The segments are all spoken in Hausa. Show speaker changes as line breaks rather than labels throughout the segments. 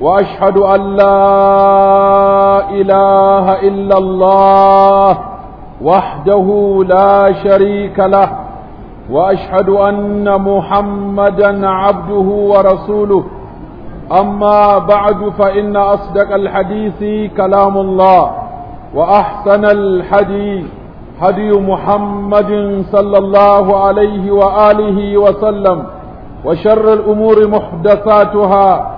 واشهد ان لا اله الا الله وحده لا شريك له واشهد ان محمدا عبده ورسوله اما بعد فان اصدق الحديث كلام الله واحسن الحديث هدي محمد صلى الله عليه واله وسلم وشر الامور محدثاتها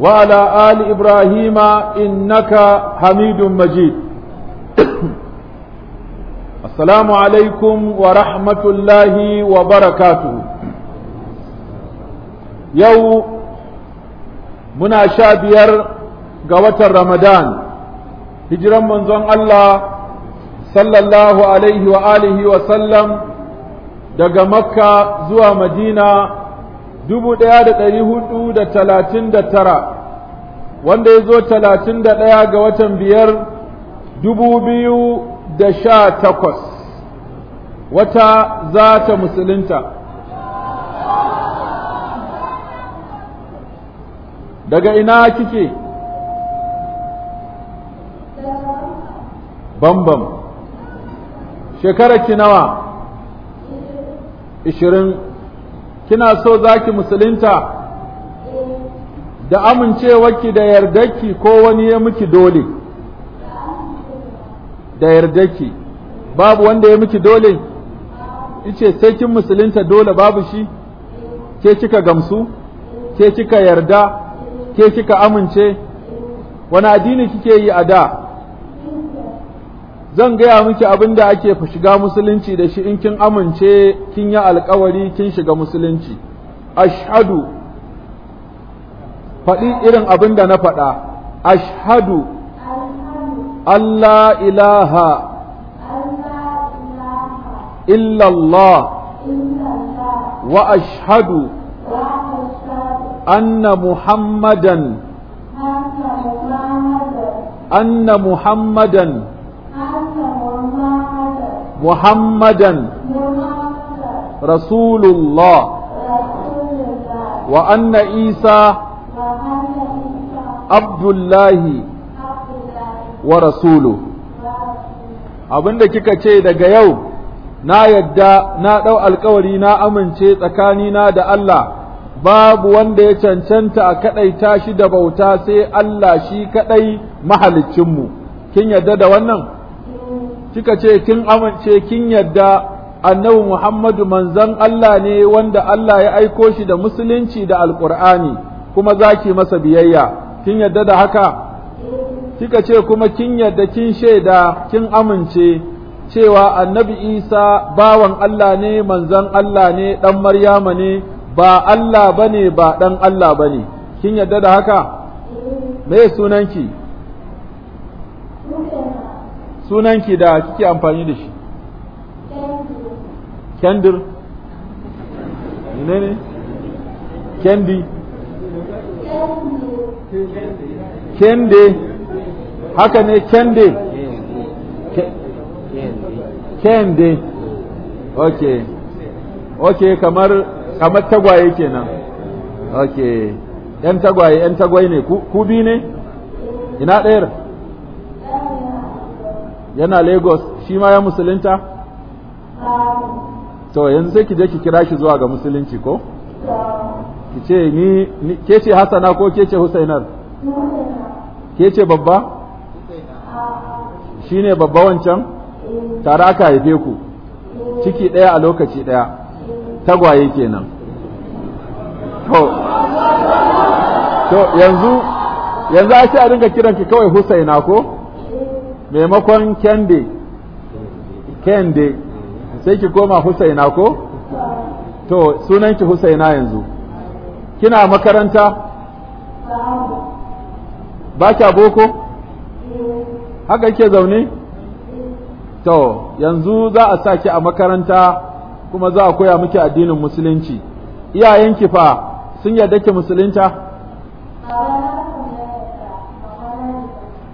وعلى آل إبراهيم إنك حميد مجيد السلام عليكم ورحمة الله وبركاته يو منا شابير قوة رمضان هجرا منزون الله صلى الله عليه وآله وسلم daga makka zuwa madina dubu ɗaya da ɗari hudu da talatin da tara wanda ya zo talatin da ɗaya ga watan biyar dubu biyu da sha takwas wata za ta musulunta daga ina kike bambam shekarar ki nawa ishirin kina so za ki musulunta da amincewarki da yardarki ko wani ya miki dole da yardarki babu wanda ya miki dole ice sai kin musulunta dole babu shi ke kika gamsu ke kika yarda ke kika amince wani addini kike yi a da zan gaya miki abin da ake shiga musulunci da shi in kin amince kin yi alkawari kin shiga musulunci ashhadu faɗi irin abin da na faɗa ashhadu Allah ilaha illallah wa ashhadu anna muhammadan anna muhammadan
محمدا
رسول الله وأن عيسى عبد الله ورسوله abinda kika ce daga yau na yadda na ɗau alkawari na amince tsakanina da Allah babu wanda ya cancanta a kaɗaita shi da bauta sai Allah shi kaɗai mu kin yadda da wannan kika ce kin amince kin yadda annabi Muhammadu manzon Allah ne wanda Allah ya aiko shi da musulunci da alkur'ani kuma zaki masa biyayya kin yadda da haka kika ce kuma kin yadda kin shaida kin amince cewa annabi Isa bawan Allah ne manzon Allah ne dan Maryama ne ba Allah bane ba dan Allah bane kin yadda da haka me sunanki sunanki da kike amfani da shi kendir ne kendi kende
haka ne kende
kende ok ok kamar kamar tagwaye kenan ok yan tagwaye yan tagwaye ne ku bi ne ina ɗayar yana Lagos shi ma ya musulunta to yanzu sai ki je ki kira shi zuwa ga musulunci ko ki ce ni ke ce Hassana ko ke ce Husainar ke ce babba shi ne babba wancan tare aka haife ku ciki ɗaya a lokaci ɗaya tagwaye kenan
to yanzu
yanzu a ce a dinga kiranki kawai Husaina ko maimakon kende kende sai ki koma husaina ko to sunan ki husaina yanzu kina makaranta ba kya boko haka ke zaune to yanzu za a sa ki a makaranta kuma za a koya miki addinin musulunci iyayenki fa sun yarda ki musulunta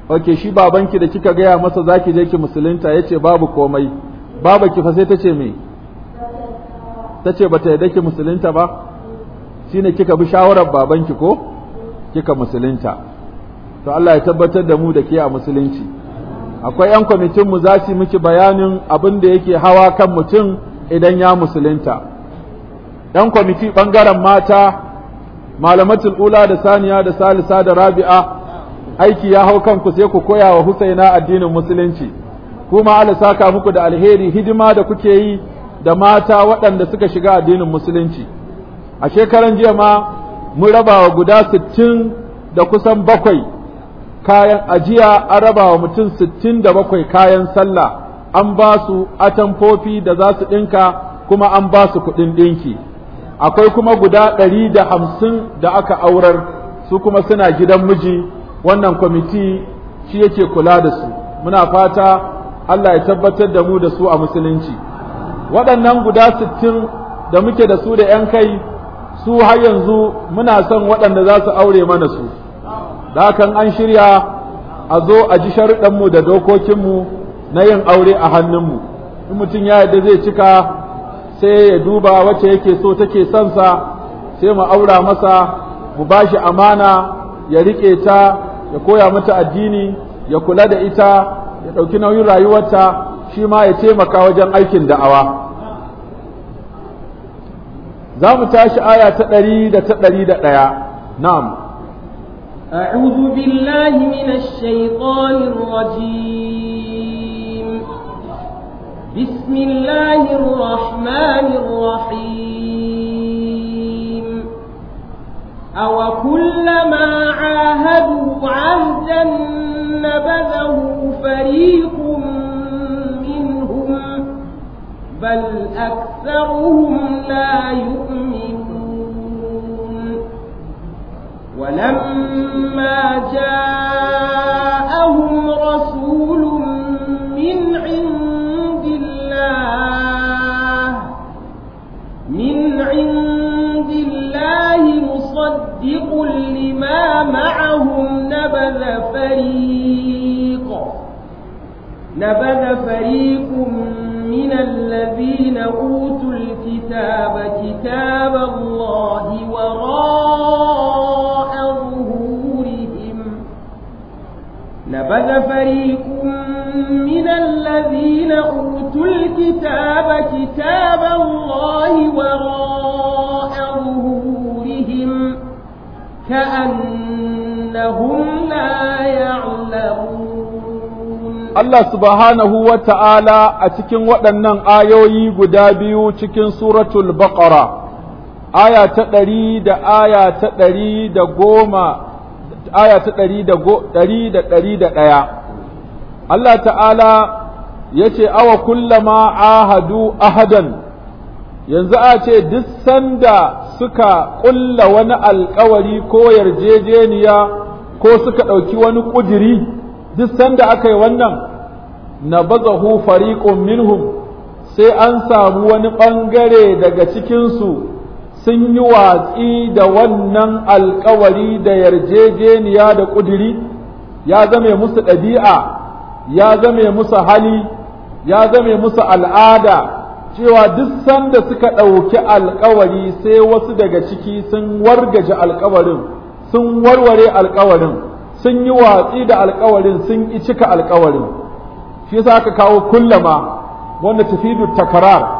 ok shi babanki da kika gaya masa zaki je ki musulunta yace babu komai baba ki fa sai tace me tace bata yadda ki musulunta ba shine kika bi shawarar babanki ko kika musulunta to Allah ya tabbatar da mu da ke a musulunci akwai yan kwamitin mu za miki bayanin abin da yake hawa kan mutum idan ya musulunta Ɗan kwamiti bangaren mata malamatul ula da saniya da salisa da rabi'a aiki ya hau kanku sai ku koya wa Husaina addinin musulunci kuma Allah saka muku da alheri hidima da kuke yi da mata waɗanda suka shiga addinin musulunci a shekaran jiya ma mun raba wa guda 60 da kusan bakwai kayan ajiya an raba wa mutum bakwai kayan sallah an ba su atamfofi da za su ɗinka kuma an ba su kuɗin ɗinki akwai kuma guda ɗari da hamsin da aka aurar su kuma suna gidan miji wannan kwamiti shi yake kula da su muna fata Allah ya tabbatar da mu da su a musulunci waɗannan guda sittin da muke da su da 'yan kai su har yanzu muna son waɗanda za su aure mana su da hakan an shirya a zo a ji sharuɗanmu da dokokinmu na yin aure a hannunmu in mutum ya yadda zai cika sai ya duba wacce yake so take son sa sai mu aura masa mu ba shi amana ya riƙe ta ya koya mata addini ya kula da ita ya ɗauki nauyin rayuwarta shi ma ya taimaka wajen aikin da'awa za mu tashi aya ta ɗari da ta ɗari da ɗaya na'am أعوذ
بالله من الشيطان الرجيم
بسم الله الرحمن
أو كلما عاهدوا عهدا نبذه فريق منهم بل أكثرهم لا يؤمنون ولما جاءوا ما معهم نبذ فريق
نبذ فريق
من الذين أوتوا الكتاب كتاب الله وراء ظهورهم نبذ فريق كأنهم لا يعلمون الله
سبحانه وتعالى أتكن ودنن آيوي قدابيو تكن سورة البقرة آية تقريد آية تقريد قوما آية تقريد تقريد تقريد آية الله تعالى yace awa kullama ahadu ahadan yanzu a ce duk sanda suka ƙulla wani alkawari ko yarjejeniya ko suka ɗauki wani ƙudiri duk sanda aka yi wannan na bazahu fariƙun minhum sai an samu wani ɓangare daga cikinsu sun yi watsi da wannan alkawari da yarjejeniya da ƙudiri ya zame musu ɗabi'a ya zame musu hali ya zame musu al'ada cewa duk sanda suka ɗauki alkawari sai wasu daga ciki sun wargaje alkawarin sun warware alkawarin sun yi watsi da alkawarin sun yi cika alkawarin shi yasa aka kawo kullama wanda tafidu takarar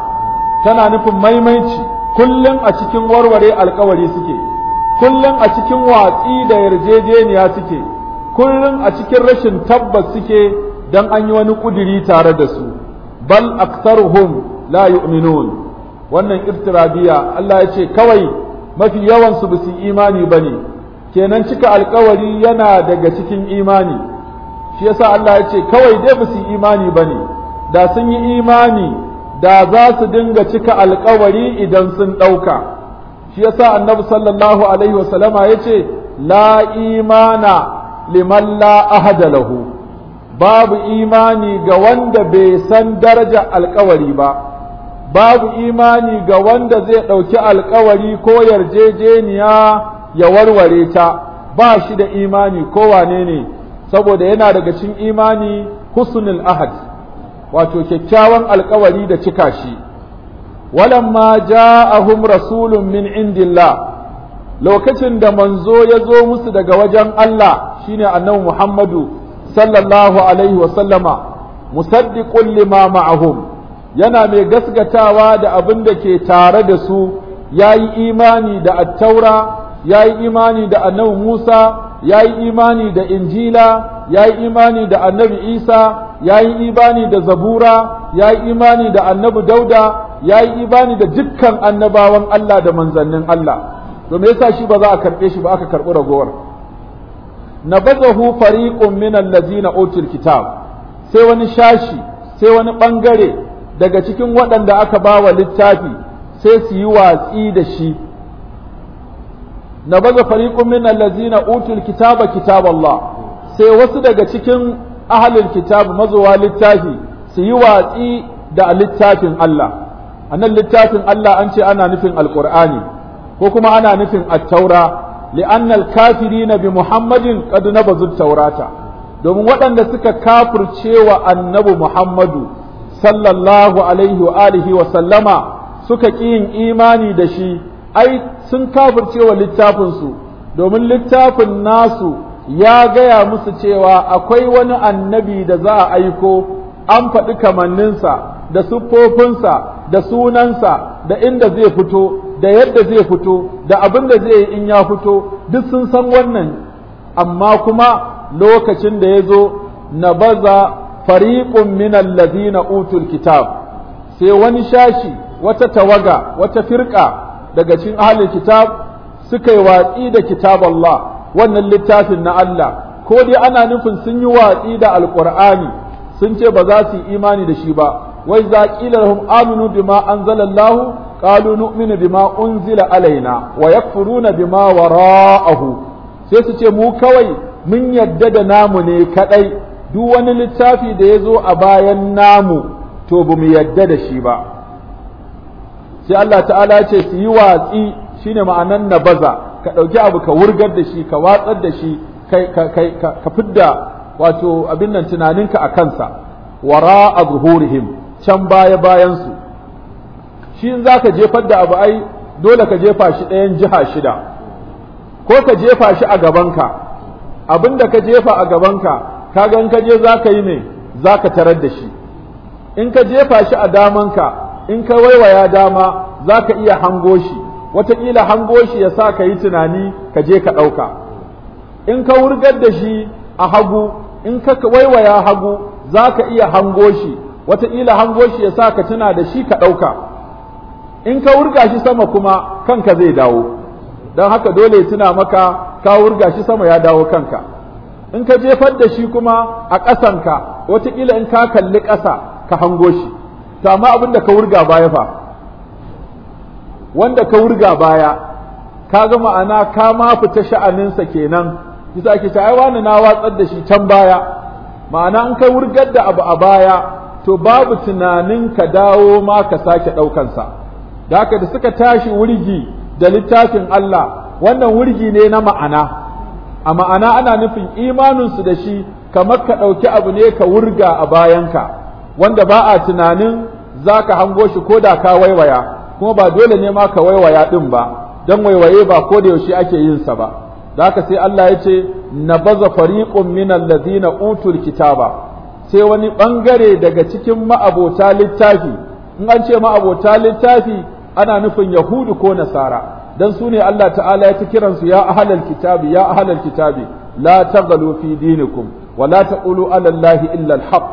tana nufin maimaici kullum a cikin warware alkawari suke kullum a cikin watsi da yarjejeniya suke kullum a cikin rashin tabbas suke don an yi wani ƙudiri tare da su bal aktaruhum la yu'minun wannan iftiradiya Allah ya ce kawai mafi yawan su ba imani bane kenan cika alkawari yana daga cikin imani shi yasa Allah ya ce kawai dai ba imani bane da sun yi imani da za su dinga cika alkawari idan sun ɗauka shi yasa annabi sallallahu alaihi wasallama ya ce la imana liman la ahada lahu babu imani ga wanda bai san daraja alkawari ba babu imani ga wanda zai ɗauki alkawari ko yarjejeniya ya warware ta ba shi da imani ko wane ne saboda yana daga cikin imani husnul ahad wato kyakkyawan alkawari da cika shi walamma ja'ahum rasulun min indillah lokacin da manzo ya zo musu daga wajen Allah shine annabi Muhammadu sallallahu alaihi wa sallama musaddiqun lima ma'ahum yana mai gasgatawa da abin da ke tare da su ya yi imani da attaura ya yi imani da annabi musa ya yi imani da injila ya yi imani da annabi isa ya yi imani da zabura ya yi imani da annabi dauda ya yi imani da dukkan annabawan allah da manzannin allah to me yasa shi ba za a karɓe shi ba aka karɓi ragowar Na nabazahu fariqun min allazina utul kitab sai wani shashi sai wani ɓangare. daga cikin waɗanda aka ba wa littafi sai su yi watsi da shi na baza fariƙun min allazina utul kitaba kitaballah sai wasu daga cikin ahalin kitab mazuwa littafi su yi watsi da littafin Allah anan littafin Allah an ce ana nufin Alƙur'ani, ko kuma ana nufin Attaura, taura li'anna al bi muhammadin na bazu taurata domin waɗanda suka wa annabi muhammadu sallallahu alaihi wa alihi wa sallama suka ƙi yin imani da shi ai sun kafircewa littafinsu domin littafin nasu ya gaya musu cewa akwai wani annabi da za a aiko an faɗi kamanninsa da siffofinsa da sunansa da inda zai fito da yadda zai fito da abin da zai yi in ya fito duk sun san wannan amma kuma lokacin da ya zo na baza fariƙun minan allazina utul kitab sai wani shashi wata tawaga wata firƙa daga cikin ahalin kitab suka yi watsi da kitab Allah wannan littafin na Allah ko dai ana nufin sun yi watsi da Alƙur'ani, sun ce ba za su yi imani da shi ba wai za qila aminu bima anzalallahu qalu nu'minu bima unzila alaina wa yakfuruna bima wara'ahu sai su ce mu kawai mun yadda da namu ne kadai duk wani littafi da ya zo a bayan namu to ba mu yadda da shi ba sai Allah ta'ala ce su yi watsi shine ma'anan nabaza, ka ɗauki abu ka wurgar da shi ka watsar da shi ka fidda wato abin nan tunaninka a kansa wara a zuhurihim can baya bayansu shi in za ka jefar da abu ai dole ka jefa shi ɗayan jiha shida ko ka jefa shi a gabanka abin da ka jefa a gabanka kaga in ka je za ka yi ne za ka tarar da shi in ka jefa shi a daman ka, in ka waiwaya dama za ka iya hango shi wataƙila hango shi ya sa ka yi tunani ka je ka ɗauka in ka wurgar da shi a hagu in ka waiwaya hagu za ka iya hango shi wataƙila hango shi ya sa ka tuna da shi ka ɗauka in ka wurga shi sama kuma kanka zai dawo don haka dole tuna maka ka wurga shi sama ya dawo kanka in ka jefar da shi kuma a ƙasanka wataƙila in ka kalli ƙasa ka hango shi to amma abin da ka wurga baya fa wanda ka wurga baya ka ga ma'ana ka ma fita sha'aninsa kenan bisa ake ce ai wani na watsar da shi can baya ma'ana in ka wurgar da abu a baya to babu tunanin ka dawo ma ka sake ɗaukansa da haka da suka tashi wurgi da littafin Allah wannan wurgi ne na ma'ana a ma'ana ana nufin imaninsu da shi kamar ka ɗauki abu ne ka wurga a bayanka wanda ba a tunanin za ka hango shi ko da ka waiwaya kuma ba dole ne ma ka waiwaya ɗin ba don waiwaye ba ko da yaushe ake yin sa ba da haka sai Allah ya ce na baza fariƙun min allazina utul kitaba sai wani ɓangare daga cikin ma'abota littafi in an ce ma'abota littafi ana nufin yahudu ko nasara dan su ne Allah ta'ala ya ta kiransu ya ahlal kitabi ya ahlal kitabi la taghalu fi dinikum wa la taqulu ala allahi illa alhaq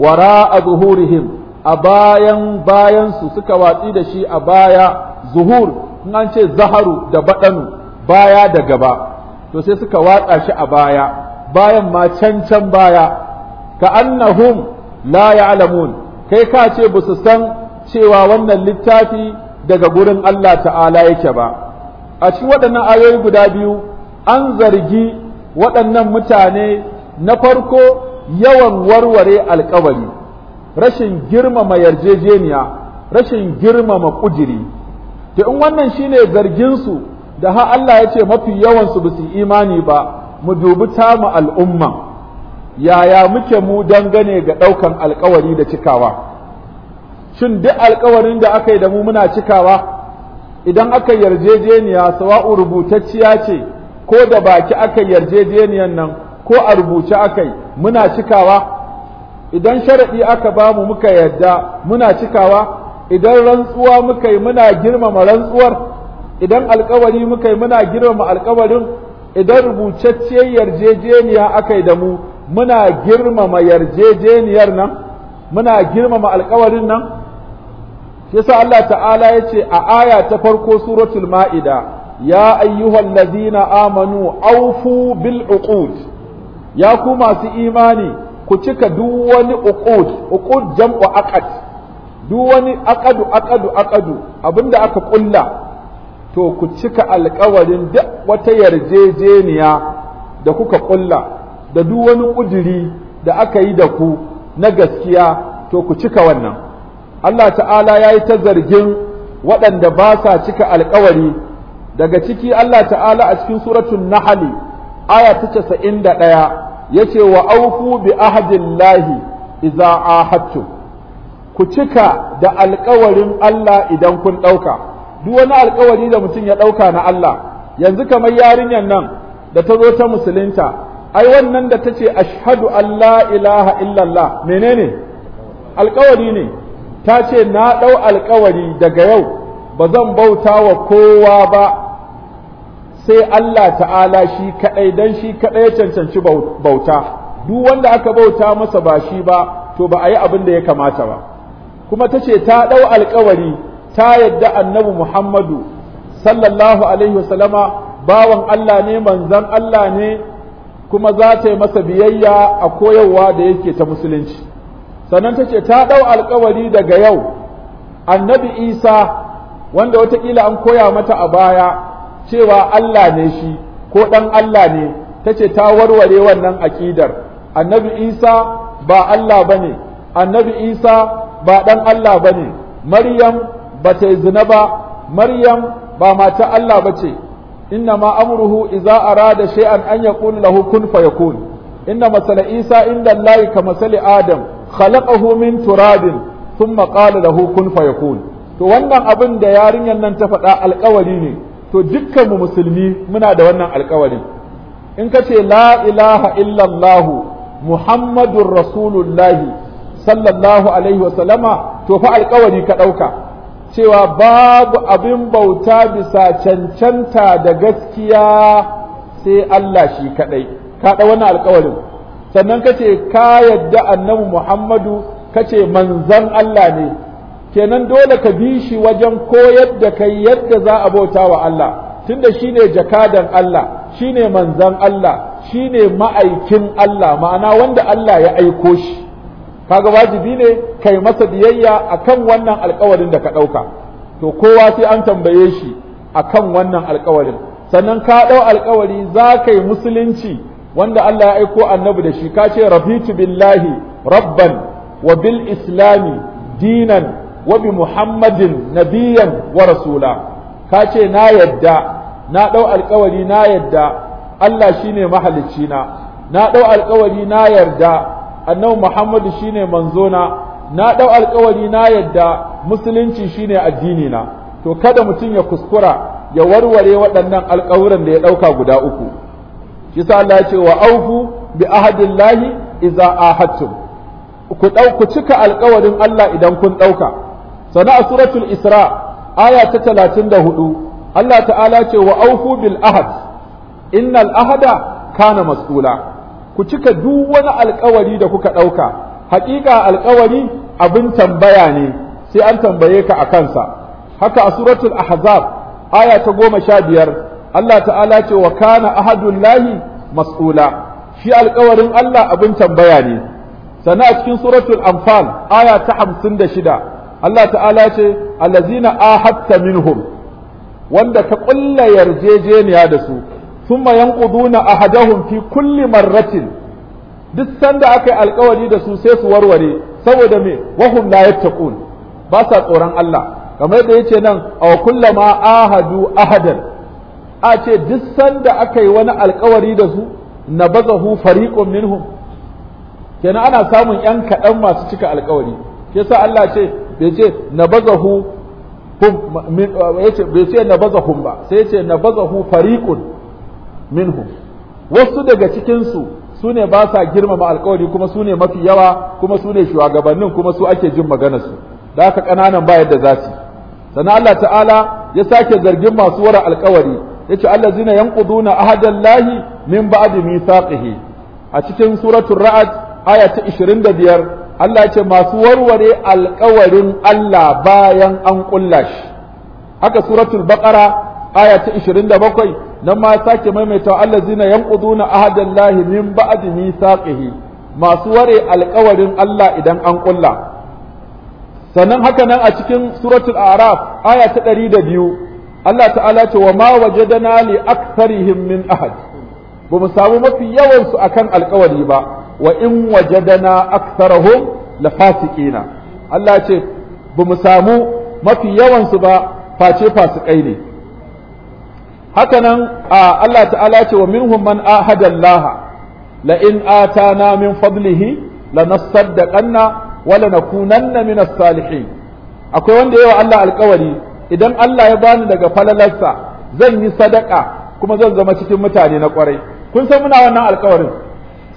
wara'a zuhurihim a bayan bayan su suka watsi da shi a baya zuhur in an ce zaharu da badanu baya da gaba to sai suka watsa shi a baya bayan ma can can baya ka annahum la ya'lamun kai ka ce ba su san cewa wannan littafi daga gurin Allah ta'ala yake ba a cikin waɗannan ayoyi guda biyu an zargi waɗannan mutane na farko yawan warware alkawari rashin girmama yarjejeniya rashin girmama kujiri to in wannan shine zarginsu da har Allah ya ce mafi yawansu ba su imani ba mu dubi tamu al'umma yaya muke mu dangane ga ɗaukan alkawari da cikawa shin duk alkawarin da aka yi da mu muna cikawa idan aka yarjejeniya sawa'u rubutacciya ce ko da baki aka yarjejeniyan nan ko a rubuce aka yi muna cikawa idan sharaɗi aka ba mu muka yarda muna cikawa idan rantsuwa muka yi muna girmama rantsuwar idan alkawari muka yi muna girmama alkawarin idan rubutacciyar yarjejeniya aka yi da mu muna girmama yarjejeniyar nan muna girmama alkawarin nan yasa Allah ta'ala yace a aya ta farko suratul ma'ida ya ayyuhal ladina amanu aufu bil uqud ya ku masu imani ku cika duk wani uqud uqud jam'u aqad duk wani aqadu aqadu aqadu abinda aka kulla to ku cika alkawarin duk wata yarjejeniya da kuka kulla da duk wani kuduri da aka yi da ku na gaskiya to ku cika wannan Allah ta'ala ya yi ta zargin waɗanda ba sa cika alkawari daga ciki Allah ta'ala a cikin suratun nahali aya ta casa'in da ɗaya ya ce wa auku bi ahadillahi iza ahadtum ku cika da alkawarin Allah idan kun ɗauka duk wani alkawari da mutum ya ɗauka na Allah yanzu kamar yarinyar nan da ta zo ta musulunta ai wannan da ta ce ashadu Allah, la ilaha illallah menene alkawari ne ta ce na ɗau alkawari daga yau ba zan bauta wa kowa ba sai Allah ta'ala shi kaɗai don shi kaɗai ya cancanci bauta duk wanda aka bauta masa ba shi ba to ba a yi abin da ya kamata ba kuma ta ce ta ɗau alkawari ta yadda annabi Muhammadu sallallahu alaihi wasallama bawan Allah ne manzan Allah ne kuma za ta yi masa biyayya a koyarwa da yake ta musulunci sannan ta ce ta ɗau alkawari daga yau annabi isa wanda wataƙila an koya mata a baya cewa allah ne shi ko ɗan allah ne ta ce ta warware wannan aƙidar annabi isa ba allah ba ne annabi isa ba ɗan allah ba ne maryam ba ta zina ba maryam ba mata allah ba ce inna ma amruhu iza arada shay'an an yaqul lahu kun fayakun inna masala isa inda allahi ka masali adam khalaqahu min turabin thumma qala lahu kun fayakun to wannan abin da yarinyar nan ta faɗa alƙawari ne to dukkan mu musulmi muna da wannan alƙawari in ka ce la ilaha illallah muhammadur rasulullahi sallallahu alaihi wasallama to fa alƙawari ka ɗauka cewa babu abin bauta bisa cancanta da gaskiya sai Allah shi kaɗai ka ɗau wannan alƙawarin sannan kace ka yadda annabi Muhammadu kace manzon Allah ne kenan dole ka bi shi wajen koyar da kai yadda za a bauta wa Allah tunda shine jakadan Allah shine manzon Allah shine ma'aikin Allah ma'ana wanda Allah ya aiko shi kaga wajibi ne kai masa biyayya akan wannan alkawarin da ka ɗauka to kowa sai an tambaye shi akan wannan alkawarin sannan ka ɗau alkawari za ka yi musulunci wanda Allah ya aiko annabi da shi ka ce rabitu billahi rabban wa bil islami dinan wa bi muhammadin nabiyan wa rasula ka ce na yadda na ɗau alkawari na yadda Allah shine mahalicci na na ɗau alkawari na yarda annabi muhammadu shine manzo na Na ɗau alkawari na yadda musulunci shine addini na to kada mutum ya kuskura ya warware waɗannan alkawuran da ya ɗauka guda uku shi sa Allah ya ce wa aufu bi ahadillahi iza ahadtum ku ku cika alƙawarin Allah idan kun ɗauka. sana a suratul isra aya ta hudu Allah ta'ala ce wa aufu bil ahad innal ahada kana mas'ula ku cika duk wani alƙawari da kuka ɗauka haƙiƙa alƙawari abin tambaya ne sai an tambaye ka a kansa haka a suratul ahzab aya ta goma sha biyar Allah ta'ala ce wa kana ahadullahi mas'ula shi alkawarin Allah abin tambaya ne sana a cikin suratul anfal aya ta hamsin da shida Allah ta'ala ce allazina ahadta minhum wanda ka ƙulla yarjejeniya da su thumma yanquduna ahadahum fi kulli marratin duk sanda aka yi alkawari da su sai su warware saboda me wahum la yattaqun ba sa tsoron Allah kamar da yace nan aw kullama ahadu ahadan a ce duk sanda aka yi wani alkawari da su na bazahu fariqun minhum kenan ana samun yan kaɗan masu cika alkawari sa Allah ce bai ce na bazahu bai ce na bazahum ba sai ce na bazahu fariqun minhum wasu daga cikinsu su ne ba sa girmama alkawari kuma su ne mafi yawa kuma su ne shugabannin kuma su ake jin maganarsu da haka ƙananan ba yadda za su sannan Allah ta'ala ya sake zargin masu wara alkawari yace allazina yanquduna ahadallahi min ba'di mithaqihi a cikin suratul ra'd aya ta 25 Allah yace masu warware alƙawarin Allah bayan an kulla shi haka suratul baqara aya ta 27 nan ma sake maimaita allazina yanquduna ahadallahi min ba'di mithaqihi masu ware alƙawarin Allah idan an kulla sannan haka nan a cikin suratul araf aya ta 102 Allah ta'ala ce wa ma waje li aktharihim min ahad ba mu samu mafi yawansu akan alkawari ba wa in wajadana aktharahum la fasiqina Allah ce ba mu samu mafi yawansu ba face fasikai ne hakanan Allah ta'ala ce wa minhum man ahada Allah la in atana min fadlihi lanasaddaqanna wa lanakunanna min as-salihin akwai wanda yawa Allah alkawari idan Allah ya bani daga falalarsa zan yi sadaka kuma zan zama cikin mutane na kwarai kun san muna wannan alkawarin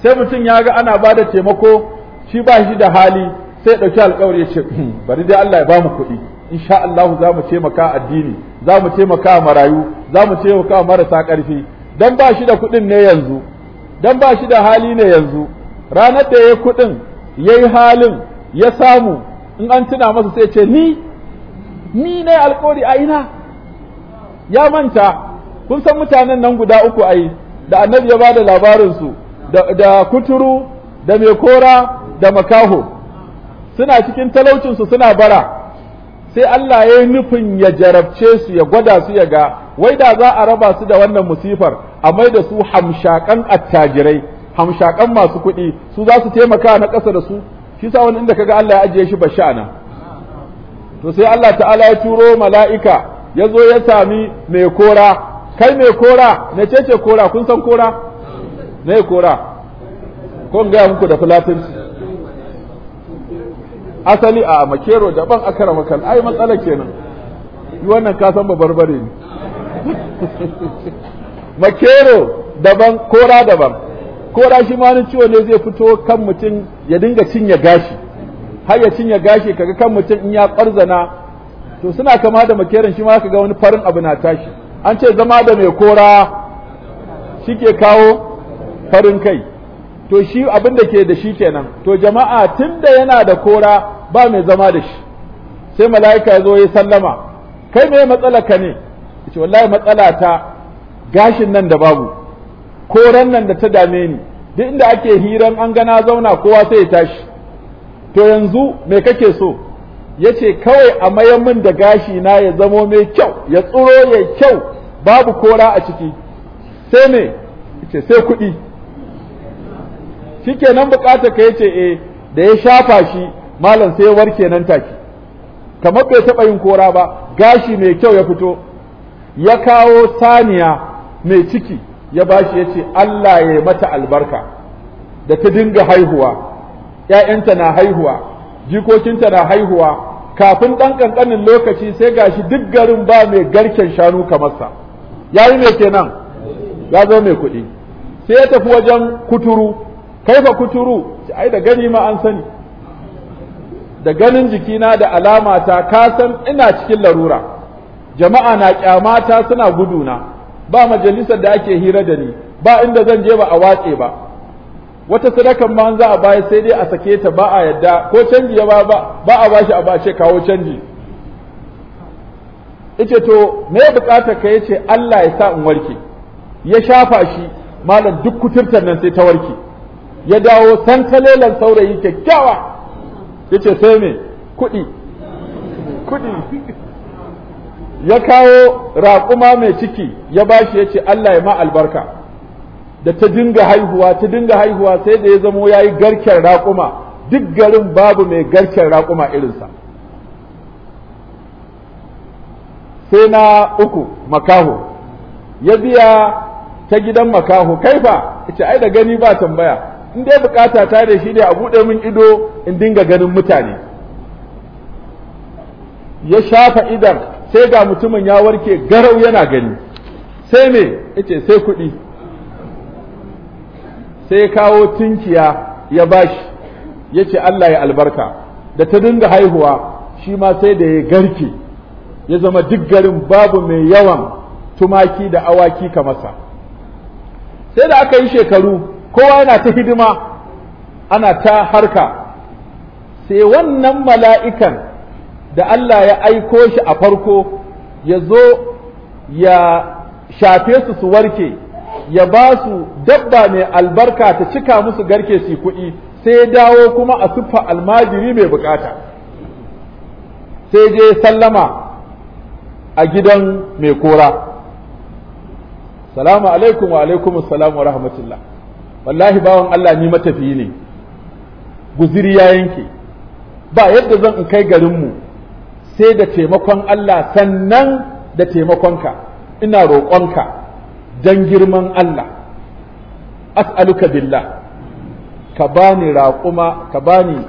sai mutum ya ga ana ba da taimako shi ba shi da hali sai ɗauki alkawari ya ce hmm, bari dai Allah ya ba mu kuɗi insha Allah za mu taimaka addini za mu taimaka marayu za mu taimaka marasa ƙarfi dan ba shi da kuɗin ne yanzu dan ba shi da hali ne yanzu ranar da ya kuɗin ya yi halin ya samu in an tuna masa sai ce ni ni ne alkawari a ina ya manta kun san mutanen nan guda uku ai da annabi ya bada labarin su da, kuturu da mai kora da makaho suna cikin talaucin su suna bara sai Allah ya yi nufin ya jarabce su ya gwada su ya ga wai da za a raba su da wannan musifar a mai da su hamshakan attajirai hamshakan masu kuɗi su za su taimaka na ƙasa da su shi sa wani inda kaga Allah ya ajiye shi ba sha'ana to sai Allah ta'ala ya turo mala'ika ya zo ya sami mai kora kai mai kora na ce kora kun san kora Mai kora kun gaya muku da filatinci. asali a makero daban akara makan, ai matsala kenan yi wannan ka san babarbare ne makero daban kora daban kora shi ma wani ciwo ne zai fito kan mutum ya dinga cinye gashi har ya cinye gashi kaga kan mutum in ya ƙwarzana to suna kama da makerin shi ma ga wani farin abu na tashi an ce zama da mai kora shi kawo farin kai to shi abin da ke da shi kenan to jama'a tunda yana da kora ba mai zama da shi sai mala'ika ya zo ya sallama kai me ka ne ce wallahi matsala ta gashin nan da babu koran nan da ta dame ni duk inda ake hiran an gana zauna kowa sai ya tashi to yanzu me kake so yace kawai a mayan min da gashi na ya zamo mai kyau ya tsuro ya kyau babu kora a ciki sai me yace sai kuɗi shikenan bukata ka yace eh da ya shafa shi malam sai ya warke nan take kamar bai taɓa yin kora ba gashi mai kyau ya fito ya kawo saniya mai ciki ya bashi yace Allah ya mata albarka da ta dinga haihuwa ‘ya'yanta na haihuwa jikokinta na haihuwa kafin ɗan ƙanƙanin lokaci sai gashi duk garin ba mai garken shanu kamar sa yayi me kenan ya zo mai kuɗi sai ya tafi wajen kuturu kaifa kuturu ai da gani ma an sani da ganin jikina da alamata ka san ina cikin larura jama'a na kyamata suna guduna ba majalisar da ake hira da ni ba inda zan je ba a watse ba wata sadakan ma za a baya sai dai a sake ta ba a yadda ko canji ya ba ba a bashi a ba ce kawo canji yace to me ya bukata ka yace Allah ya sa in warke ya shafa shi malam duk kuturtar nan sai ta warke ya dawo san saurayi kyakkyawa yace sai me kuɗi kuɗi ya kawo raƙuma mai ciki ya bashi yace Allah ya ma albarka da ta dinga haihuwa ta dinga haihuwa sai da ya zamo ya yi garken raƙuma duk garin babu mai garken raƙuma irinsa sai na uku makaho ya biya ta gidan makaho kaifa ita ai da gani ba tambaya in dai bukata ta da shi ne a buɗe min ido in dinga ganin mutane ya shafa idan sai ga mutumin ya warke garau yana gani sai me ce sai kuɗi sai ya kawo tunkiya ya bashi ya Allah ya albarka da ta dinga haihuwa shi ma sai da ya garke ya zama duk garin babu mai yawan tumaki da awaki kamarsa sai da aka yi shekaru kowa yana ta hidima ana ta harka sai wannan mala'ikan da Allah ya aiko shi a farko ya zo ya shafe su su warke ya ba su dabba mai albarka ta cika musu garke su kuɗi sai ya dawo kuma a siffa almajiri mai bukata sai je sallama a gidan mai kora salamu alaikum wa alaikum salamu wa rahmatullah wallahi bawan Allah ni matafiyi ne guziri ya yanke ba yadda zan in kai garinmu sai da taimakon Allah sannan da taimakonka ina roƙonka dan girman Allah as'aluka billah ka bani raƙuma ka bani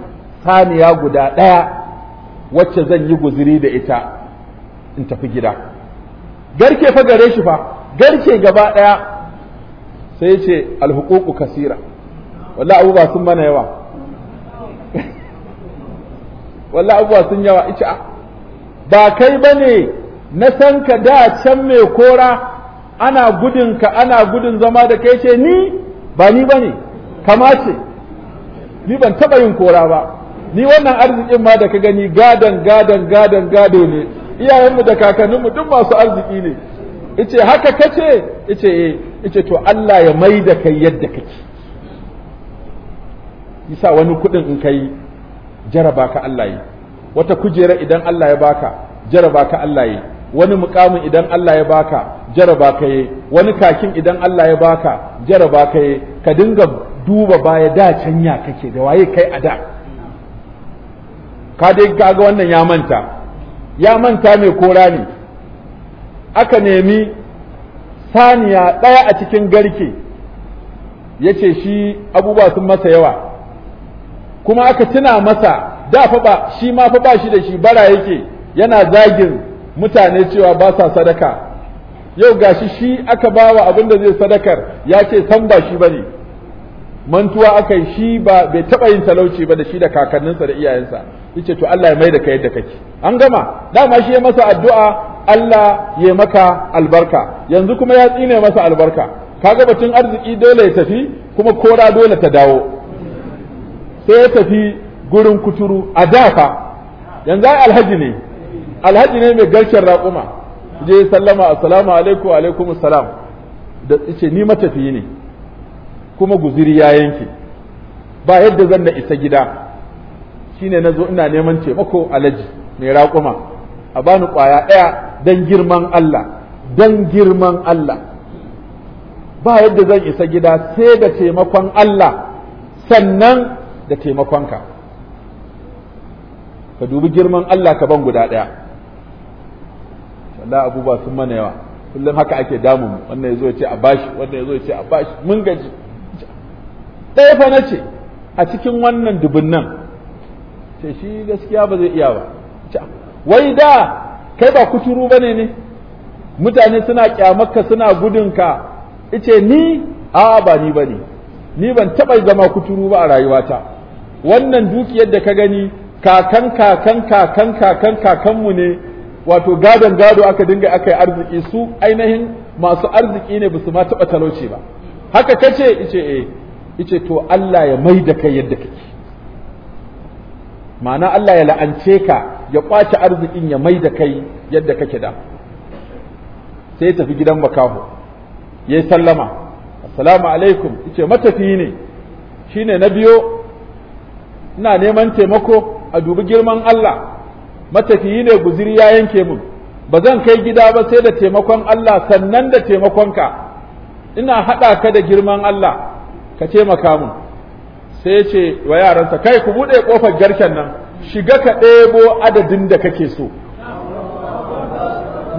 saniya guda ɗaya wacce zan yi guziri da ita in tafi gida garke fa gare shi fa garke gaba ɗaya sai ya ce alhukuku kasira wallahi abubuwa sun mana yawa wallahi abubuwa sun yawa ita ah, ba kai bane na san ka da can mai kora ana gudun ka ana gudun zama da kai ce ni ba ni bane kama ce ni ban taɓa yin kora ba ni wannan arzikin ma da ka gani gadon gadon gadon gado ne iyayenmu da kakanninmu duk masu arziki ne ice haka kace ice eh ice to Allah ya mai da kai yadda kake yasa wani kuɗin in kai jaraba ka Allah yi wata kujera idan Allah ya baka jaraba ka Allah yi wani mukamin idan Allah ya baka jaraba ka wani kakin idan Allah ya baka jaraba ka ka dinga duba baya da canya kake da waye kai a da ka dai kaga wannan ya manta ya manta mai kora ne aka nemi saniya ɗaya a cikin garke ya ce shi abubuwa sun masa yawa kuma aka tuna masa da fa ba shi ma fa ba shi da shi bara yake yana zagin mutane cewa ba sa sadaka yau gashi shi aka bawa abin da zai sadakar ya ce san ba shi bane mantuwa aka yi shi ba bai taba yin talauci ba da shi da kakanninsa da iyayensa yace to Allah ya mai da kai yadda kake an gama dama shi ya masa addu'a Allah ya maka albarka yanzu kuma ya tsine masa albarka kaga batun arziki dole ya tafi kuma kora dole ta dawo sai ya tafi gurin kuturu a dafa yanzu ai alhaji ne alhaji ne mai garshen raƙuma je sallama assalamu alaikum wa alaikum assalam da ce ni matafiyi ne kuma guziri ya yanke ba yadda zan na isa gida shine zo ina neman taimako alhaji mai raƙuma a bani ƙwaya ɗaya dan girman Allah dan girman Allah ba yadda zan isa gida sai da taimakon Allah sannan da taimakonka ka dubi girman Allah ka ban guda ɗaya Allah abubuwa sun mana yawa kullum haka ake damun wannan yazo ya ce a bashi wannan yazo ya ce a bashi mun gaji ɗaya fa nace a cikin wannan dubun nan sai shi gaskiya ba zai iya ba wai da kai ba kuturu bane ne mutane suna kyamarka suna gudunka ice ni a ba ni bane ni ban taɓa zama kuturu ba a rayuwata wannan dukiyar da ka gani kakan kakan kakan kakan kakanmu ne wato gadon gado aka dinga aka yi arziki su ainihin masu arziki ne basu ma taɓa talauci ba haka kace ice eh ice to Allah ya mai da kai yadda kake ma'ana Allah ya la'ance ka ya kwace arzikin ya mai da kai yadda kake da sai ya tafi gidan makaho ya sallama assalamu alaikum ice matafiyi ne shine na biyo ina neman taimako a dubi girman Allah matafiyi ne guziri ya yanke mun ba zan kai gida ba sai da taimakon Allah sannan da taimakonka ina haɗa ka da girman Allah ka taimaka mun sai ce wa yaransa kai ku buɗe ƙofar garken nan shiga ka ɗebo adadin da kake so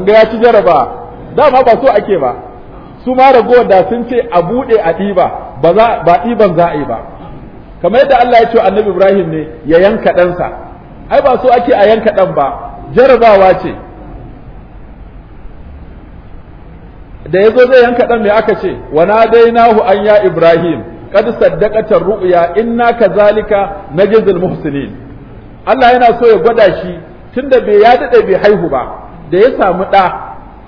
ga ya ci jaraba dama ba so ake ba su ma ragowar da sun ce a buɗe a ɗiba ba ɗiban za a yi ba kamar yadda Allah ya ce annabi Ibrahim ne ya yanka ɗansa ai ba so ake a yanka ɗan ba jarabawa ce da ya zo zai yanka ɗan me aka ce wana dai nahu an ya ibrahim kad saddaqatar ru'ya inna kazalika najzil muhsinin Allah yana so ya gwada shi tunda bai ya dade bai haihu ba da ya samu ɗa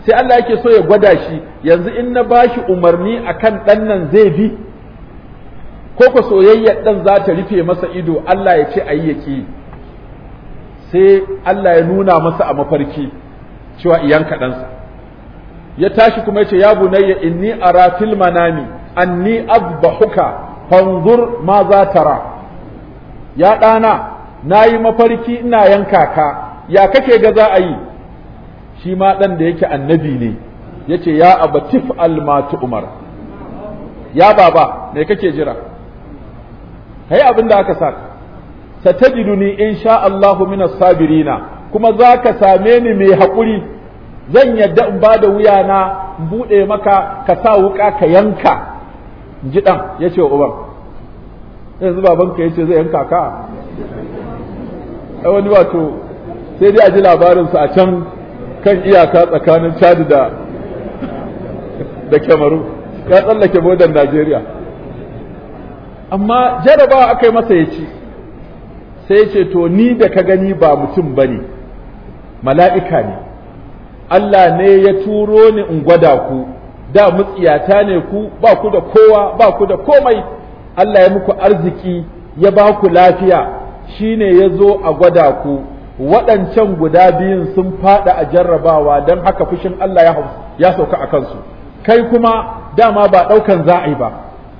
sai Allah yake so ya gwada shi yanzu in na bashi umarni akan ɗan nan zai bi ko ko soyayya ɗan za ta rufe masa ido Allah ya ce ayyaki. yaki sai Allah ya nuna masa a mafarki cewa iyan kaɗansa ya tashi kuma ya ce ya bunayya inni ara fil manami anni azbahuka fanzur ma za tara ya ɗana na yi mafarki ina yanka ka ya kake ga za a yi shi ma ɗan da yake annabi ne ya ce ya abatif almatu umar ya baba me kake jira kai abin da aka saka satajiduni insha Allahu minas sabirina kuma zaka same ni mai hakuri zan yadda in bada wuya na in bude maka ka sa wuka ka yanka ji dan yace wa uban yanzu babanka yace zai yanka ka ai wani wato sai dai a ji labarinsa a can kan iyaka tsakanin Chad da da Kamaru ya tsallake bodan Najeriya amma jarabawa aka masa ya ci sai ce to ni da ka gani ba mutum ba ne mala'ika ne Allah ne ya turo ni in gwada ku da mutsiyata ne ku ba ku da kowa ba ku da komai Allah ya muku arziki ya ba ku lafiya Shi ne ya zo a gwada ku waɗancan guda biyun sun faɗa a jarrabawa don haka fushin Allah ya sauka a kansu kai kuma dama ba ɗaukan za a yi ba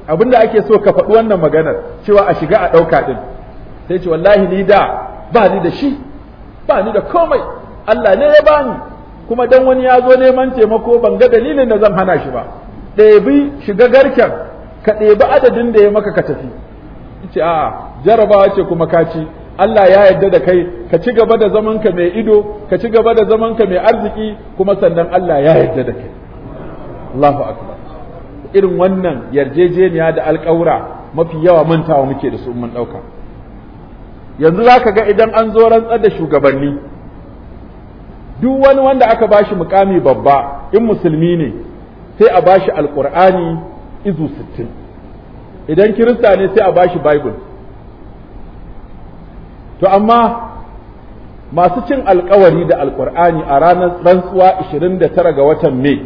abinda ake so ka faɗi wannan maganar cewa a shiga a ɗauka ɗin sai ce wallahi ni da ba ni da shi ba ni da komai Allah ne ya bani kuma dan wani ya zo neman taimako ban ga dalilin da zan hana shi ba ɗebi shiga garken ka ɗebi adadin da ya maka ka tafi ce a jarabawa ce kuma ka ci Allah ya yarda da kai ka ci gaba da zamanka mai ido ka ci gaba da zamanka mai arziki kuma sannan Allah ya yarda da kai Allahu akbar irin wannan yarjejeniya da alƙawura mafi yawa mantawa muke da su mun ɗauka yanzu za ka ga idan an zo rantsar da shugabanni duk wani wanda aka ba shi mukami babba in musulmi ne sai a ba shi alƙur'ani izu sittin idan kirista ne sai a ba shi bible to amma masu cin alkawari da alkur'ani a ranar rantsuwa 29 ga watan mai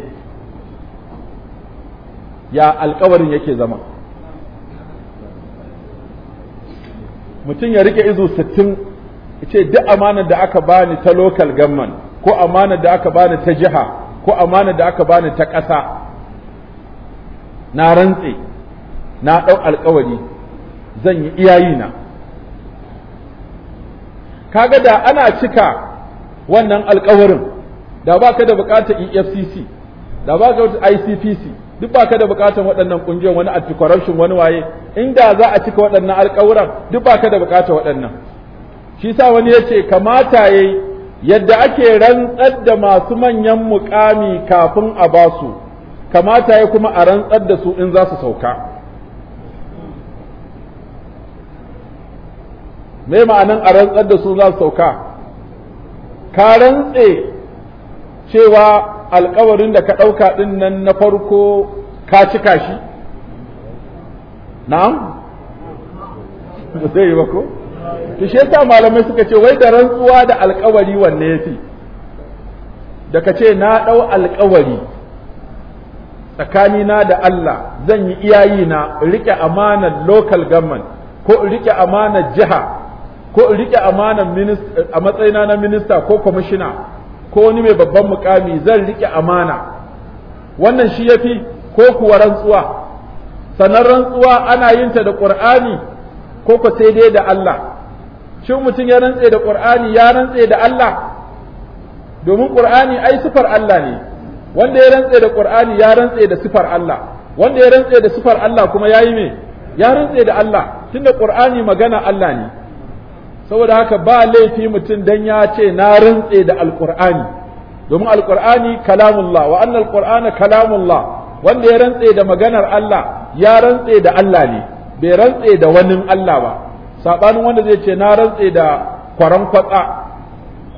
ya alkawarin yake zama mutum ya rike izo sittin ce duk amanar da aka bani ta local government ko amanar da aka bani ta jiha ko amanar da aka bani ta ƙasa na rantse na ɗau alkawari zan yi iyayina kaga da ana cika wannan alkawarin da ba ka da bukatar efcc da ba ka da icpc duk ba ka da bukatar waɗannan ƙungiyar wani anti-corruption wani waye inda za a cika waɗannan alƙawuran duk ba ka da buƙatar waɗannan shi sa wani ya ce kamata yi yadda ake rantsar da masu manyan muƙami kafin a ba su kamata ya kuma a rantsar da su in za su sauka me ma'anan a rantsar da su za su sauka ka rantse cewa alkawarin da ka ɗauka ɗin nan na farko ka cika shi na'am ba zai yi ba to shi yasa malamai suka ce wai da rantsuwa da alkawari wanne yafi da ka ce na dau alkawari tsakanina da Allah zan yi iyayi na rike amanar local government ko rike amanar jiha ko rike amanar a matsayina na minista ko kwamishina ko wani mai babban mukami zan rike amana wannan shi yafi ko kuwa rantsuwa sannan rantsuwa ana yin ta da qur'ani ko ko sai dai da Allah shin mutum ya rantse da qur'ani ya rantse da Allah domin qur'ani ai sifar Allah ne wanda ya rantse da qur'ani ya rantse da sifar Allah wanda ya rantse da sifar Allah kuma yayi me ya rantse da Allah tunda qur'ani magana Allah ne saboda haka ba laifi mutum dan ya ce na rantse da Alƙur'ani. domin alqur'ani kalamullah wa anna alqur'ana kalamullah wanda ya rantse da maganar Allah ya rantse da Allah ne bai rantse da wani Allah ba Saɓanin wanda zai ce na rantse da kwaran kwatsa